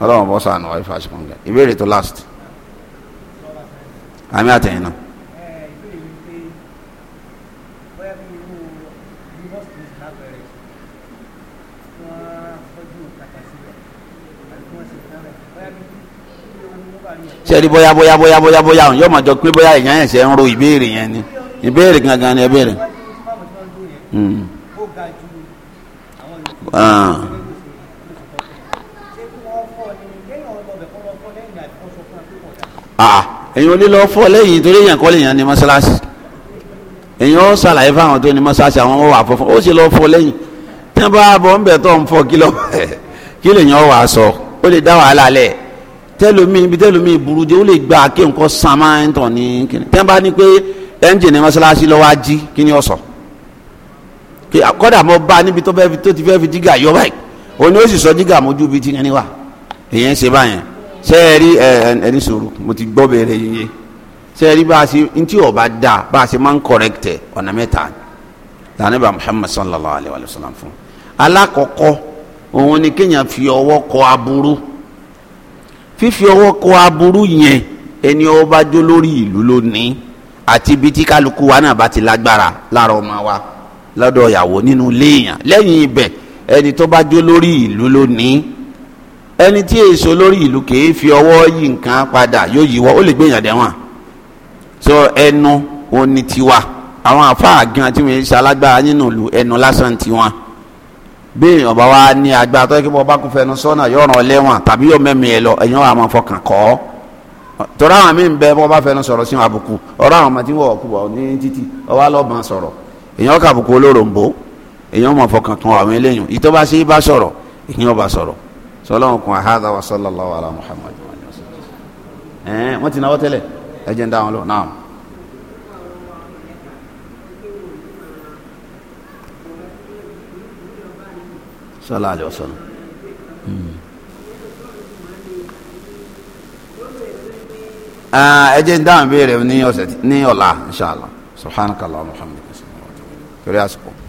ọlọ́run bọ́ sànù wáyé fàṣíkò ń gẹ ìbéèrè tó last àmì àtẹ̀yìn náà. sẹ́ẹ̀rí bóyá bóyá bóyá bóyá bóyá yóò máa jọ pé bóyá èèyàn yẹn ṣe ń ro ìbéèrè yẹn ni ìbéèrè gangan ni ẹ béèrè. Hmm. Ah, ẹ̀yin ò lè lọ fọ́ lẹ́yìn torí èèyàn kọ́ lèèyàn ní mọ́ṣáláṣí èèyàn ó ṣàlàyé fáwọn tó ní mọ́ṣáláṣí àwọn ó wà fọ́fọ́ ó sì lọ fọ́ lẹ́yìn tí wọ́n bá bọ̀ ń bẹ̀ tó ń fọ́ kí lọ kí lèèyàn wà sọ ó lè dá wàhálà lẹ̀ tẹ́lómi ibi tẹ́lómi burú jẹ́ ó lè gba kí nǹkan san máa ń tàn ní kíni tí wọ́n bá ní pé ẹ́ńjìn ní mọ́ṣáláṣí lọ́wọ́ á jí kí ni ó sọ kọ́dà mọ́ bá níbi tó ti fẹ́ fi dígà yọ báyìí òun ni ó sì sọ dígà mójú bíi ti yẹn ṣe é rí ẹni sùúrù mo ti gbọ́ bẹ̀rẹ̀ yìí ṣe é rí bá a ṣe ntí ọba dá bá a ṣe máa ń kọ̀rẹ́kítẹ̀ ọ̀nà mẹ́ta lànà bá Muhammad sallallahu alayhi wa sallam fún alákọ̀ọ́kọ́ òun ni kéèyàn fi ọwọ́ kọ aburú fífi ọwọ́ kọ aburú yẹn ẹni ọba jó lórí ìlú lónìí àti ibi tí kálukú wa náà bá ti lágbára lára ọmọ wa lọ́dọ̀ ìyàwó nínú léèyàn lẹ́yìn ibẹ̀ ẹni tó bá jó lórí ìlú lónìí ẹni tí èso lórí ìlú kìí fi ọwọ́ yí nǹkan padà yóò yíwọ́ ó lè gbìyànjú ẹ̀wọ̀n so ẹnu àwọn gan tí wọ́n ṣe alágbára ẹnu lásán tiwọn bẹ́ẹ̀ ọba wa ní agbára tó yẹ kí wọ́n bá fẹnu sọ́nà yóò ràn lẹ́wọ̀n tàbí yóò mẹ́mí ẹ lọ ẹ̀yìn wa máa fọkàn kọ́ ọ́ tọ́ra àwọn míì ń bẹ bá fẹnu sọ̀rọ̀ tí wọ́n kú ṣe é bá sọ̀rọ̀ sọlọ́run kun ahada wa sallallahu ala muhammad ẹ̀ẹ́n wọ́n ti náwó tẹ́lẹ̀ ẹ̀jẹ̀ ń dá wọn lọ náà. sọlá àlẹ́ ọ̀sán. ẹ̀jẹ̀ ń dáhùn béèrè ní ọ̀la inṣàlá subhanakallah muhammad kiri àsìkò.